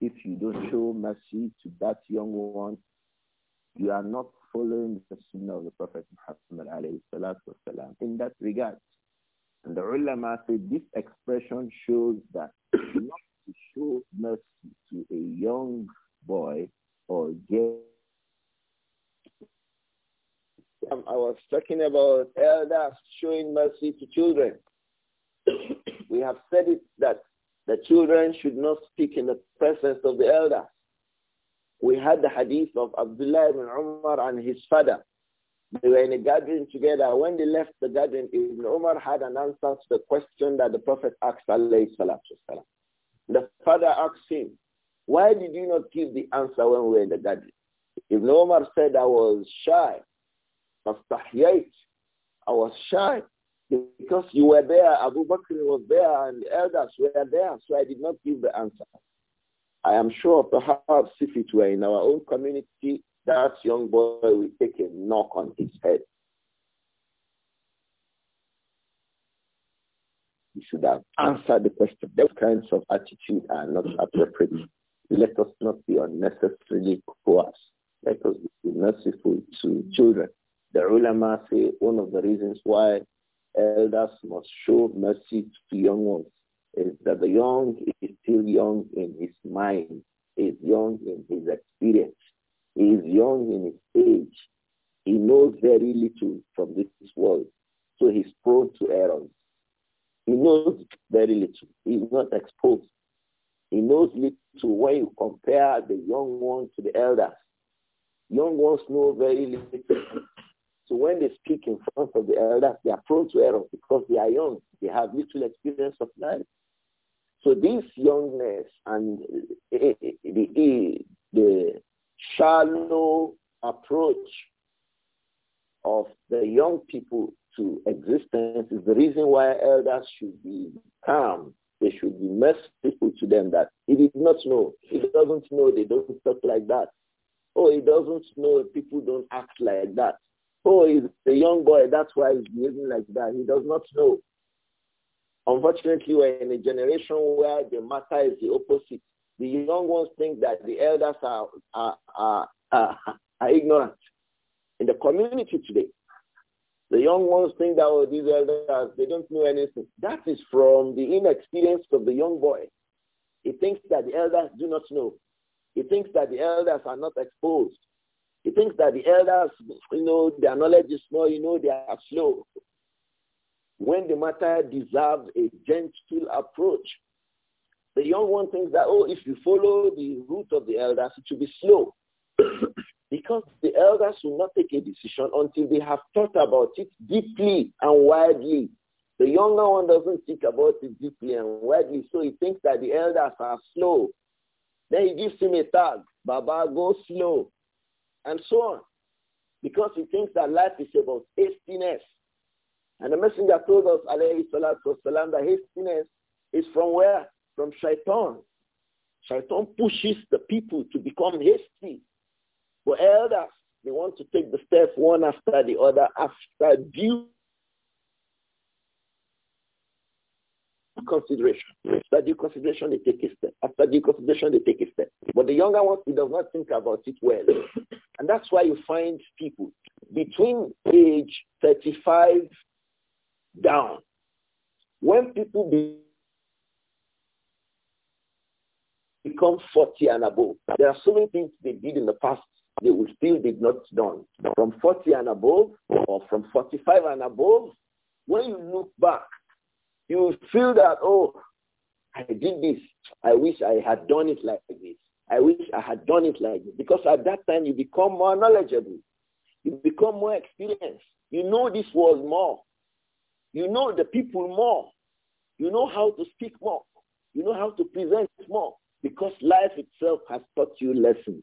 if you don't show mercy to that young one, you are not following the sunnah of the Prophet Muhammad wasalam, in that regard. And the ulama said this expression shows that not to show mercy to a young boy or girl. Um, I was talking about elders showing mercy to children. we have said it that the children should not speak in the presence of the elders. We had the hadith of Abdullah ibn Umar and his father. They were in a gathering together. When they left the gathering, Ibn Umar had an answer to the question that the Prophet asked salatu The father asked him, why did you not give the answer when we were in the gathering? Ibn Umar said, I was shy. I was shy. Because you were there, Abu Bakr was there, and the elders were there, so I did not give the answer. I am sure perhaps if it were in our own community, that young boy will take a knock on his head. He should have answered the question. Those kinds of attitude are not appropriate. Let us not be unnecessarily coarse. Let us be merciful to children. The ulama say one of the reasons why elders must show mercy to young ones is that the young is still young in his mind, is young in his experience, he is young in his age. He knows very little from this world, so he's prone to errors. He knows very little. He's not exposed. He knows little when you compare the young one to the elders. Young ones know very little. So when they speak in front of the elders, they are prone to error because they are young. They have little experience of life. So this youngness and eh, eh, eh, the, the shallow approach of the young people to existence is the reason why elders should be calm. They should be merciful to them that he did not know. He doesn't know. They don't talk like that. Oh, he doesn't know. People don't act like that. Oh, he's a young boy. That's why he's behaving like that. He does not know. Unfortunately, we're in a generation where the matter is the opposite. The young ones think that the elders are, are, are, are, are ignorant. In the community today, the young ones think that oh, these elders, they don't know anything. That is from the inexperience of the young boy. He thinks that the elders do not know. He thinks that the elders are not exposed. He thinks that the elders, you know, their knowledge is small, you know, they are slow. When the matter deserves a gentle approach, the young one thinks that, oh, if you follow the route of the elders, it should be slow. because the elders will not take a decision until they have thought about it deeply and widely. The younger one doesn't think about it deeply and widely, so he thinks that the elders are slow. Then he gives him a tag, Baba, go slow and so on. Because he thinks that life is about hastiness. And the messenger told us, alayhi salatu wasalam, that hastiness is from where? From shaitan. Shaitan pushes the people to become hasty. But elders, they want to take the step one after the other after due consideration. After due consideration, they take a step. After due consideration, they take a step. But the younger ones, he does not think about it well. And that's why you find people between age 35 down. When people be become 40 and above, there are so many things they did in the past they will still be not done. From 40 and above or from 45 and above, when you look back, you feel that, oh, I did this. I wish I had done it like this. I wish I had done it like this. Because at that time, you become more knowledgeable. You become more experienced. You know this world more. You know the people more. You know how to speak more. You know how to present more. Because life itself has taught you lessons.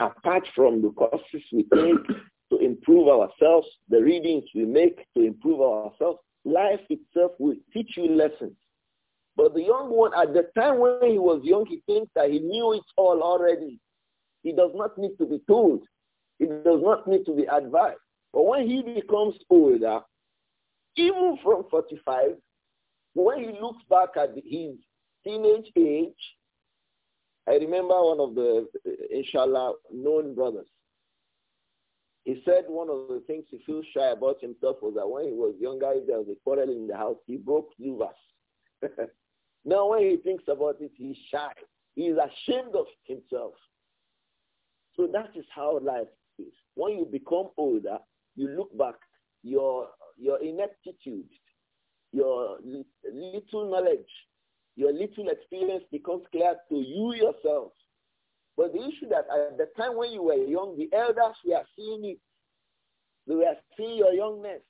apart from the courses we take to improve ourselves, the readings we make to improve ourselves, life itself will teach you lessons. But the young one, at the time when he was young, he thinks that he knew it all already. He does not need to be told. He does not need to be advised. But when he becomes older, even from 45, when he looks back at his teenage age, I remember one of the, inshallah, known brothers he said one of the things he feels shy about himself was that when he was younger, there was a quarrel in the house, he broke two verse. now when he thinks about it, he's shy. He's ashamed of himself. So that is how life is. When you become older, you look back, your, your ineptitude, your little knowledge, your little experience becomes clear to you yourself. But the issue that at the time when you were young, the elders were seeing it. They were seeing your youngness.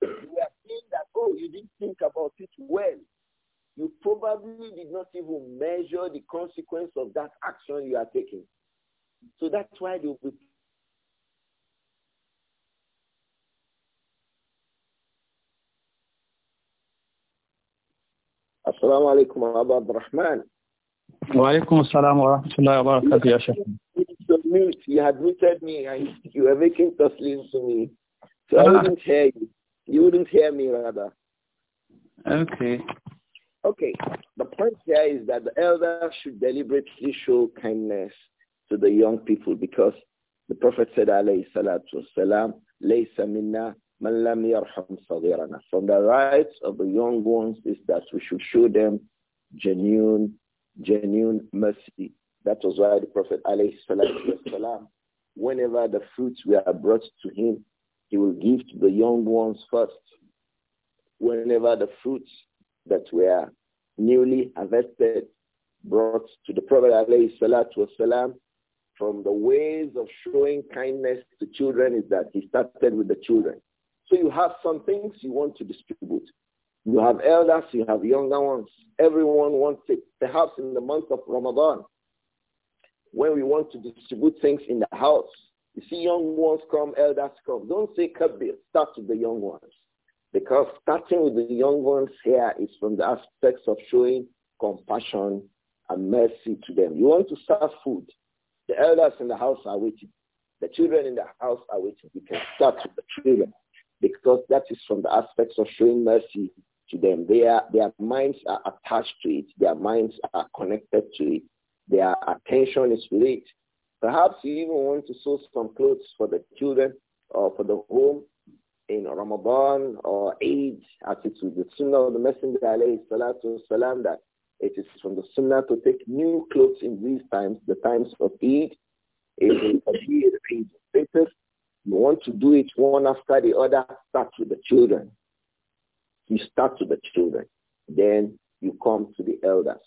They were seeing that, oh, you didn't think about it well. You probably did not even measure the consequence of that action you are taking. So that's why they will be Assalamu alaikum wa Wa alaikum assalam wa You had muted me and you were making taslim to me. So I wouldn't ah. hear you. You wouldn't hear me rather. Okay. Okay. The point here is that the elder should deliberately show kindness to the young people because the Prophet said, alayhi salatu wasalam, laysa minna man lam yarham From the rights of the young ones is that we should show them genuine genuine mercy. That was why the Prophet والسلام, whenever the fruits were brought to him, he will give to the young ones first. Whenever the fruits that were newly harvested brought to the Prophet والسلام, from the ways of showing kindness to children is that he started with the children. So you have some things you want to distribute. You have elders, you have younger ones. Everyone wants it. Perhaps in the month of Ramadan, when we want to distribute things in the house, you see young ones come, elders come. Don't say kabir, start with the young ones. Because starting with the young ones here is from the aspects of showing compassion and mercy to them. You want to start food. The elders in the house are waiting. The children in the house are waiting. You can start with the children because that is from the aspects of showing mercy to them. They are, their minds are attached to it. Their minds are connected to it. Their attention is with it. Perhaps you even want to source some clothes for the children or for the home in Ramadan or Eid, as it was the Sunnah of the Messenger alayhi salatu salam, that it is from the Sunnah to take new clothes in these times, the times of Eid. It is Eid, Eid, You want to do it one after the other, start with the children. You start with the children. Then you come to the elders.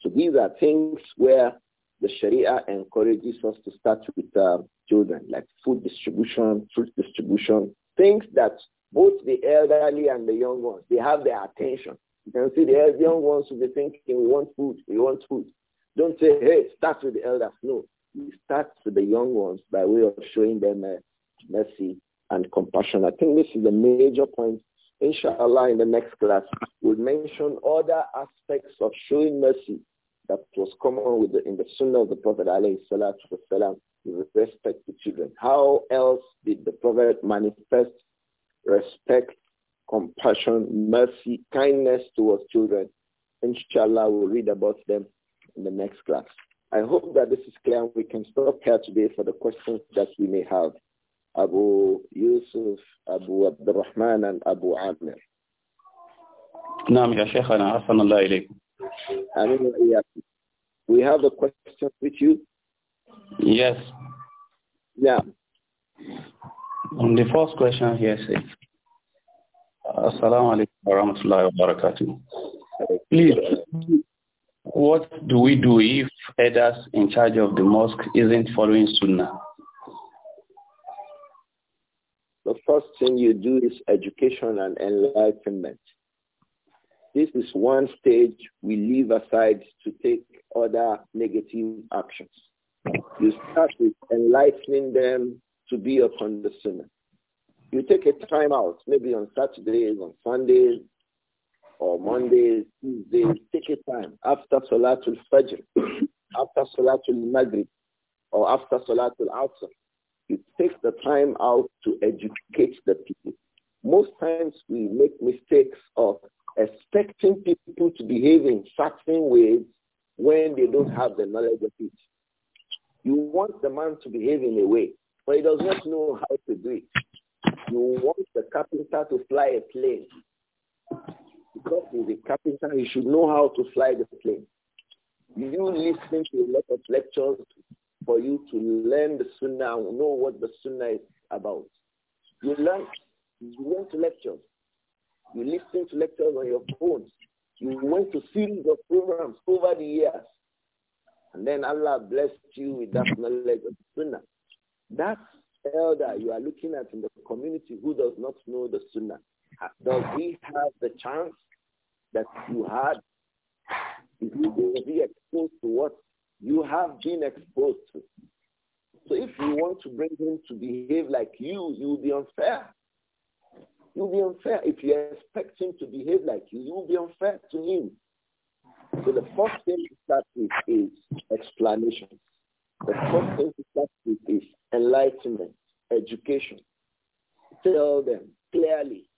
So these are things where the Sharia encourages us to start with uh, children, like food distribution, fruit distribution, things that both the elderly and the young ones, they have their attention. You can see the young ones will be thinking, we want food, we want food. Don't say, hey, start with the elders. No, you start with the young ones by way of showing them uh, mercy and compassion. I think this is a major point Inshallah, in the next class, we'll mention other aspects of showing mercy that was common with the, in the Sunnah of the Prophet والسلام, with respect to children. How else did the Prophet manifest respect, compassion, mercy, kindness towards children? Inshallah, we'll read about them in the next class. I hope that this is clear. We can stop here today for the questions that we may have. Abu Yusuf, Abu Abdurrahman, and Abu Amir. نعم Shaykhana, شيخنا أحسن الله إليكم. We have a question with you. Yes. Yeah. On the first question here says, Assalamu alaikum wa rahmatullahi wa barakatuh. Please, what do we do if elders in charge of the mosque isn't following sunnah? The first thing you do is education and enlightenment. This is one stage we leave aside to take other negative actions. You start with enlightening them to be a the You take a time out, maybe on Saturdays, on Sundays, or Mondays, Tuesdays. Take a time after Salatul Fajr, after Salatul Maghrib, or after Salatul Asr it takes the time out to educate the people. Most times we make mistakes of expecting people to behave in certain ways when they don't have the knowledge of it. You want the man to behave in a way, but he does not know how to do it. You want the carpenter to fly a plane. Because he's a carpenter, he should know how to fly the plane. You listen to a lot of lectures for you to learn the sunnah and know what the sunnah is about. You learn, you went to lectures. You listen to lectures on your phones. You went to series of programs over the years. And then Allah blessed you with that knowledge of the sunnah. That elder you are looking at in the community who does not know the sunnah, does he have the chance that you had? Is he exposed to what you have been exposed to. So if you want to bring him to behave like you, you will be unfair. You will be unfair. If you expect him to behave like you, you will be unfair to him. So the first thing to start with is explanation. The first thing to start with is enlightenment, education. Tell them clearly,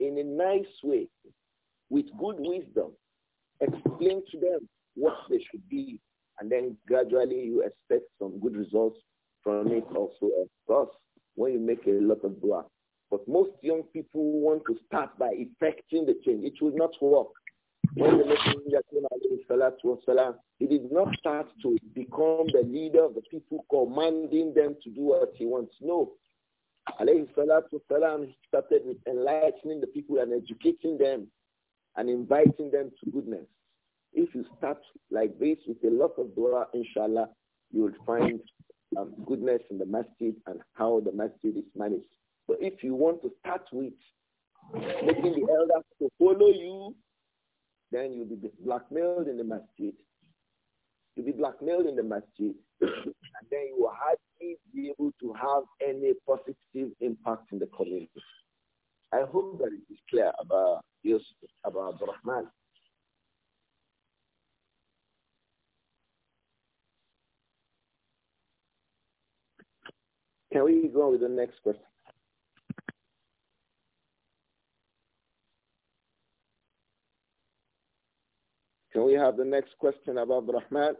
in a nice way, with good wisdom, explain to them what they should be, and then gradually you expect some good results from it also. Of course, when you make a lot of dua. But most young people want to start by effecting the change. It will not work. When the Messenger he did not start to become the leader of the people, commanding them to do what he wants. No. Alayhi salatu wasalam started with enlightening the people and educating them and inviting them to goodness. If you start like this with a lot of dua, inshallah, you will find um, goodness in the masjid and how the masjid is managed. But if you want to start with making the elders to follow you, then you'll be blackmailed in the masjid. You'll be blackmailed in the masjid. and then you will hardly be able to have any positive impact in the community. I hope that it is clear about Yusuf, about Rahman. Can we go on with the next question? Can we have the next question about Rahman?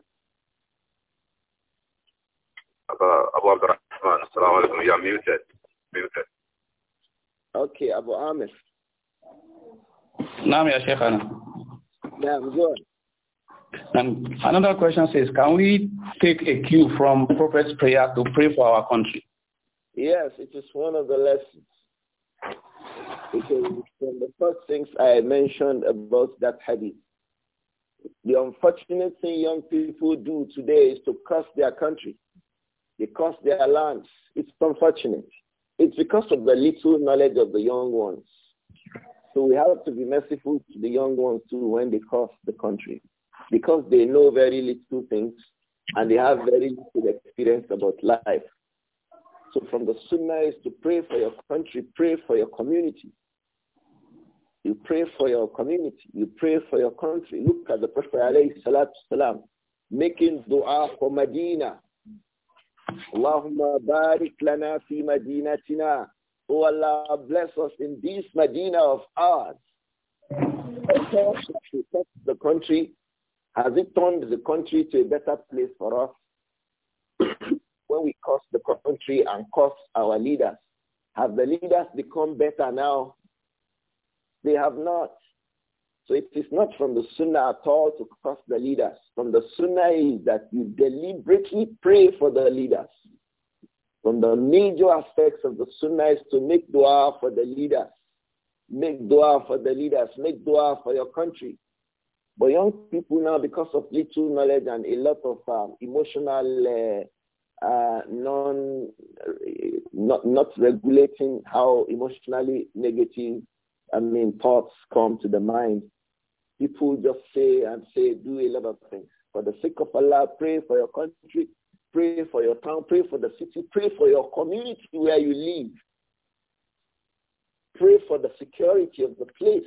Abu Abdurrahman, assalamu alaikum. You are muted. Muted. Okay, Abu Amir. Naam, ya Sheikh And another question says, can we take a cue from Prophet's prayer to pray for our country? Yes, it is one of the lessons. Because from the first things I mentioned about that hadith, the unfortunate thing young people do today is to curse their country. They curse their lands. It's unfortunate. It's because of the little knowledge of the young ones. So we have to be merciful to the young ones too when they curse the country. Because they know very little things and they have very little experience about life. So from the sunnah is to pray for your country, pray for your community. You pray for your community. You pray for your country. Look at the Prophet alayhi salatu salam making dua for Medina. Allahumma barik lana fi madinatina. Oh Allah, bless us in this Medina of ours. the country. Has it turned the country to a better place for us? when we curse the country and curse our leaders, have the leaders become better now? They have not. So it is not from the sunnah at all to curse the leaders. From the sunnah is that you deliberately pray for the leaders. From the major aspects of the sunnah is to make dua for the leaders. Make dua for the leaders. Make dua for your country. But young people now, because of little knowledge and a lot of um, emotional uh, uh, non, not, not regulating how emotionally negative, I mean, thoughts come to the mind. People just say and say, do a lot of things. For the sake of Allah, pray for your country, pray for your town, pray for the city, pray for your community where you live. Pray for the security of the place.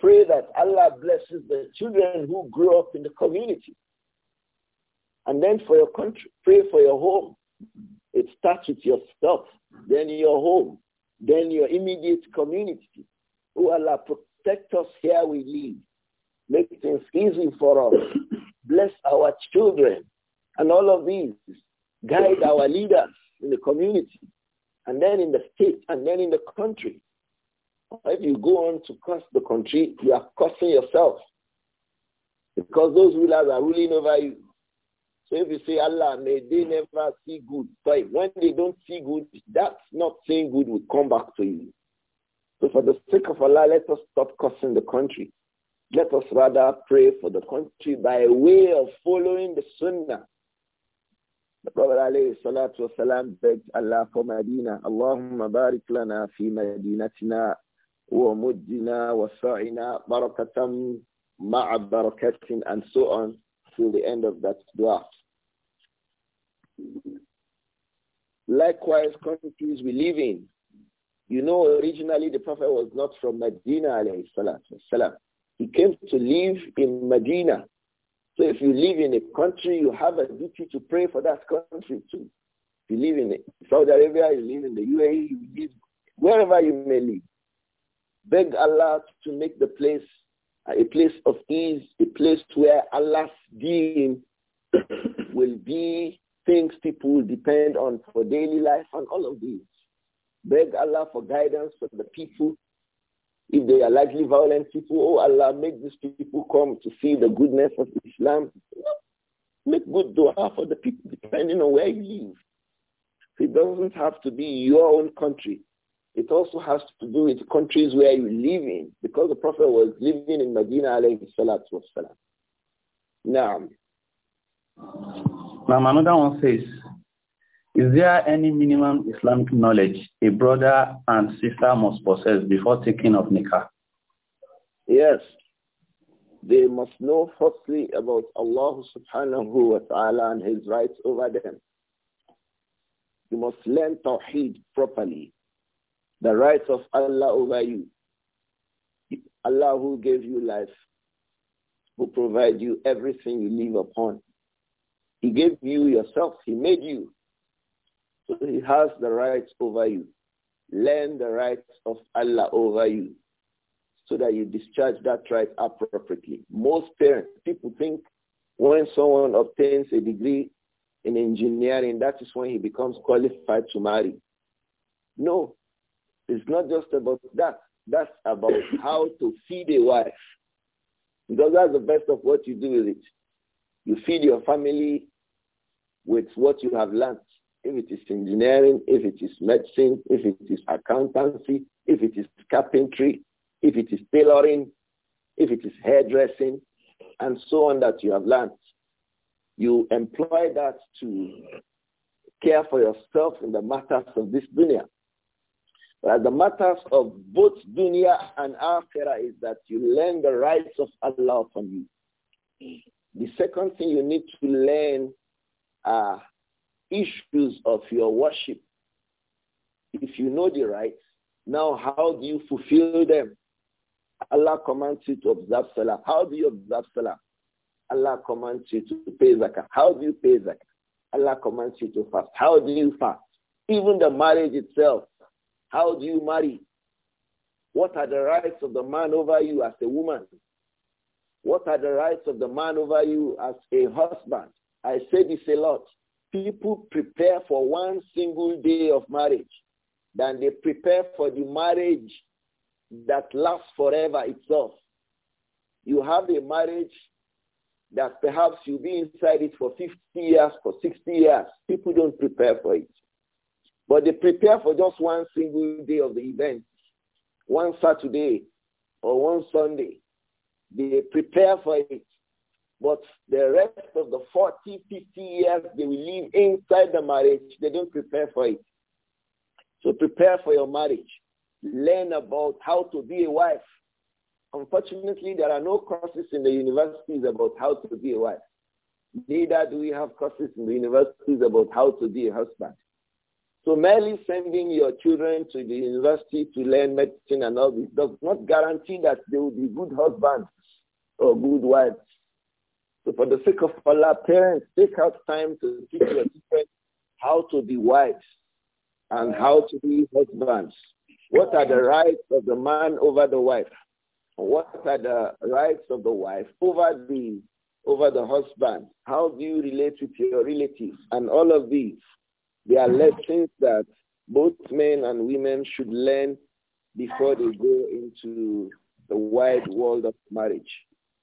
Pray that Allah blesses the children who grow up in the community and then for your country. Pray for your home. It starts with yourself, then your home, then your immediate community. Oh Allah, protect us here we live. Make things easy for us. Bless our children and all of these. Guide our leaders in the community and then in the state and then in the country. If you go on to curse the country, you are cursing yourself because those rulers are ruling over you. So if you say, Allah, may they never see good. But when they don't see good, that's not saying good will come back to you. So for the sake of Allah, let us stop cursing the country. Let us rather pray for the country by way of following the sunnah. The Prophet alayhi salatu wasalam begged Allah for Medina. Allahumma barik lana fi madinatina wa muddina wa sa'ina barakatam ma'a barakatin and so on till the end of that dua. Likewise, countries we live in. You know, originally the Prophet was not from Medina, He came to live in Medina. So if you live in a country, you have a duty to pray for that country too. If you live in Saudi Arabia, you live in the UAE, you live wherever you may live. Beg Allah to make the place a place of ease, a place where Allah's deen will be things people depend on for daily life and all of these. Beg Allah for guidance for the people. If they are likely violent people, oh Allah, make these people come to see the goodness of Islam. Make good dua for the people depending on where you live. It doesn't have to be your own country. It also has to do with countries where you live in, because the Prophet was living in Medina alayhi salatu wasalam. Now, now another one says, is there any minimum Islamic knowledge a brother and sister must possess before taking of nikah? Yes. They must know firstly about Allah subhanahu wa ta'ala and his rights over them. You must learn Tawheed properly. The rights of Allah over you. Allah who gave you life, who provide you everything you live upon. He gave you yourself. He made you. So he has the rights over you. Learn the rights of Allah over you so that you discharge that right appropriately. Most parents, people think when someone obtains a degree in engineering, that is when he becomes qualified to marry. No, it's not just about that. That's about how to feed a wife. Because that's the best of what you do with it. You feed your family with what you have learned. If it is engineering, if it is medicine, if it is accountancy, if it is carpentry, if it is tailoring, if it is hairdressing, and so on that you have learned. You employ that to care for yourself in the matters of this dunya the matters of both dunya and akhirah is that you learn the rights of Allah from you. The second thing you need to learn are issues of your worship. If you know the rights, now how do you fulfill them? Allah commands you to observe salah. How do you observe salah? Allah commands you to pay zakah. How do you pay zakah? Allah commands you to fast. How do you fast? Even the marriage itself, how do you marry? What are the rights of the man over you as a woman? What are the rights of the man over you as a husband? I say this a lot. People prepare for one single day of marriage than they prepare for the marriage that lasts forever itself. You have a marriage that perhaps you'll be inside it for 50 years, for 60 years. People don't prepare for it. But they prepare for just one single day of the event, one Saturday or one Sunday. They prepare for it. But the rest of the 40, 50 years they will live inside the marriage, they don't prepare for it. So prepare for your marriage. Learn about how to be a wife. Unfortunately, there are no courses in the universities about how to be a wife. Neither do we have courses in the universities about how to be a husband. So merely sending your children to the university to learn medicine and all this does not guarantee that they will be good husbands or good wives. So for the sake of Allah, parents, take out time to teach your children how to be wives and how to be husbands. What are the rights of the man over the wife? What are the rights of the wife over the over the husband? How do you relate with your relatives? And all of these. They are lessons that both men and women should learn before they go into the wide world of marriage.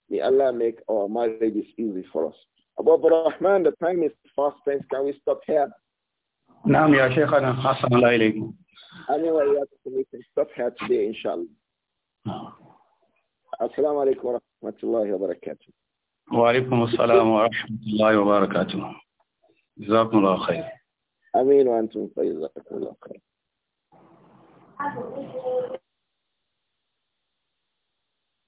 May Allah make our marriages easy for us. Abu Rahman, the time is fast spent. Can we stop here? نعم يا شيخنا حسن الله إليكم. أنا وإياكم we can stop here today inshallah. السلام عليكم ورحمة الله وبركاته. وعليكم السلام ورحمة الله وبركاته. جزاكم الله خير. آمين وأنتم فإذا الله خير